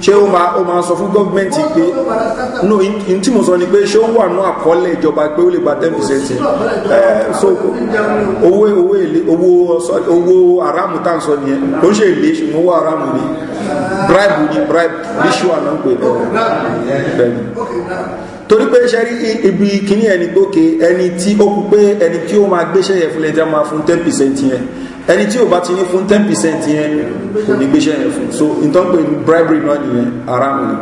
ṣé ó máa ó máa sọ fún gọ́ọ̀mẹ́ntì pé no in tí mo sọ ni pé ṣé ó wà ní àkọọ́lẹ̀ ìjọba pé ó lè gba ten percent so owó owó èlé owó owó aramu tá à ń sọ nìyẹn ló ń ṣe èlé ṣùgbọ́n owó aramu ni bribe ni bribe issue àná ń pè bẹ́ẹ̀ni torí pé ṣe rí ibi kíní ẹni gbókè ẹni tí ó kú pé ẹni tí ó máa gbéṣẹ́ yẹn fúnlẹ̀ jẹ́ máa fún ten percent yẹn ẹni tí ò bá ti ní fún 10% yẹn kò ní gbéṣẹ́ yẹn fún so in tó ń pè bribery náà nìyẹn aráàmù ni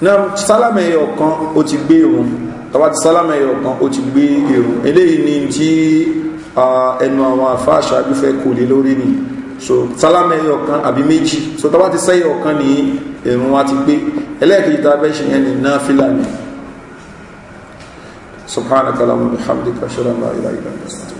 náà sálámà ẹyọ kan ó ti gbé irun tàbá ti sálámà ẹyọ kan ó ti gbé irun eléyìí ni tí ẹnu àwọn àfá àṣáájú fẹ́ kò lé lórí ni so sálámà ẹyọ kan àbí méjì so tàbá ti sẹ́yọ kan nìyí èrùn wa ti pé ẹlẹ́ẹ̀kejì tá a fẹ́ ṣe yẹn ní náfìlà ni subhanakallahumma bihamdika ashhadu an la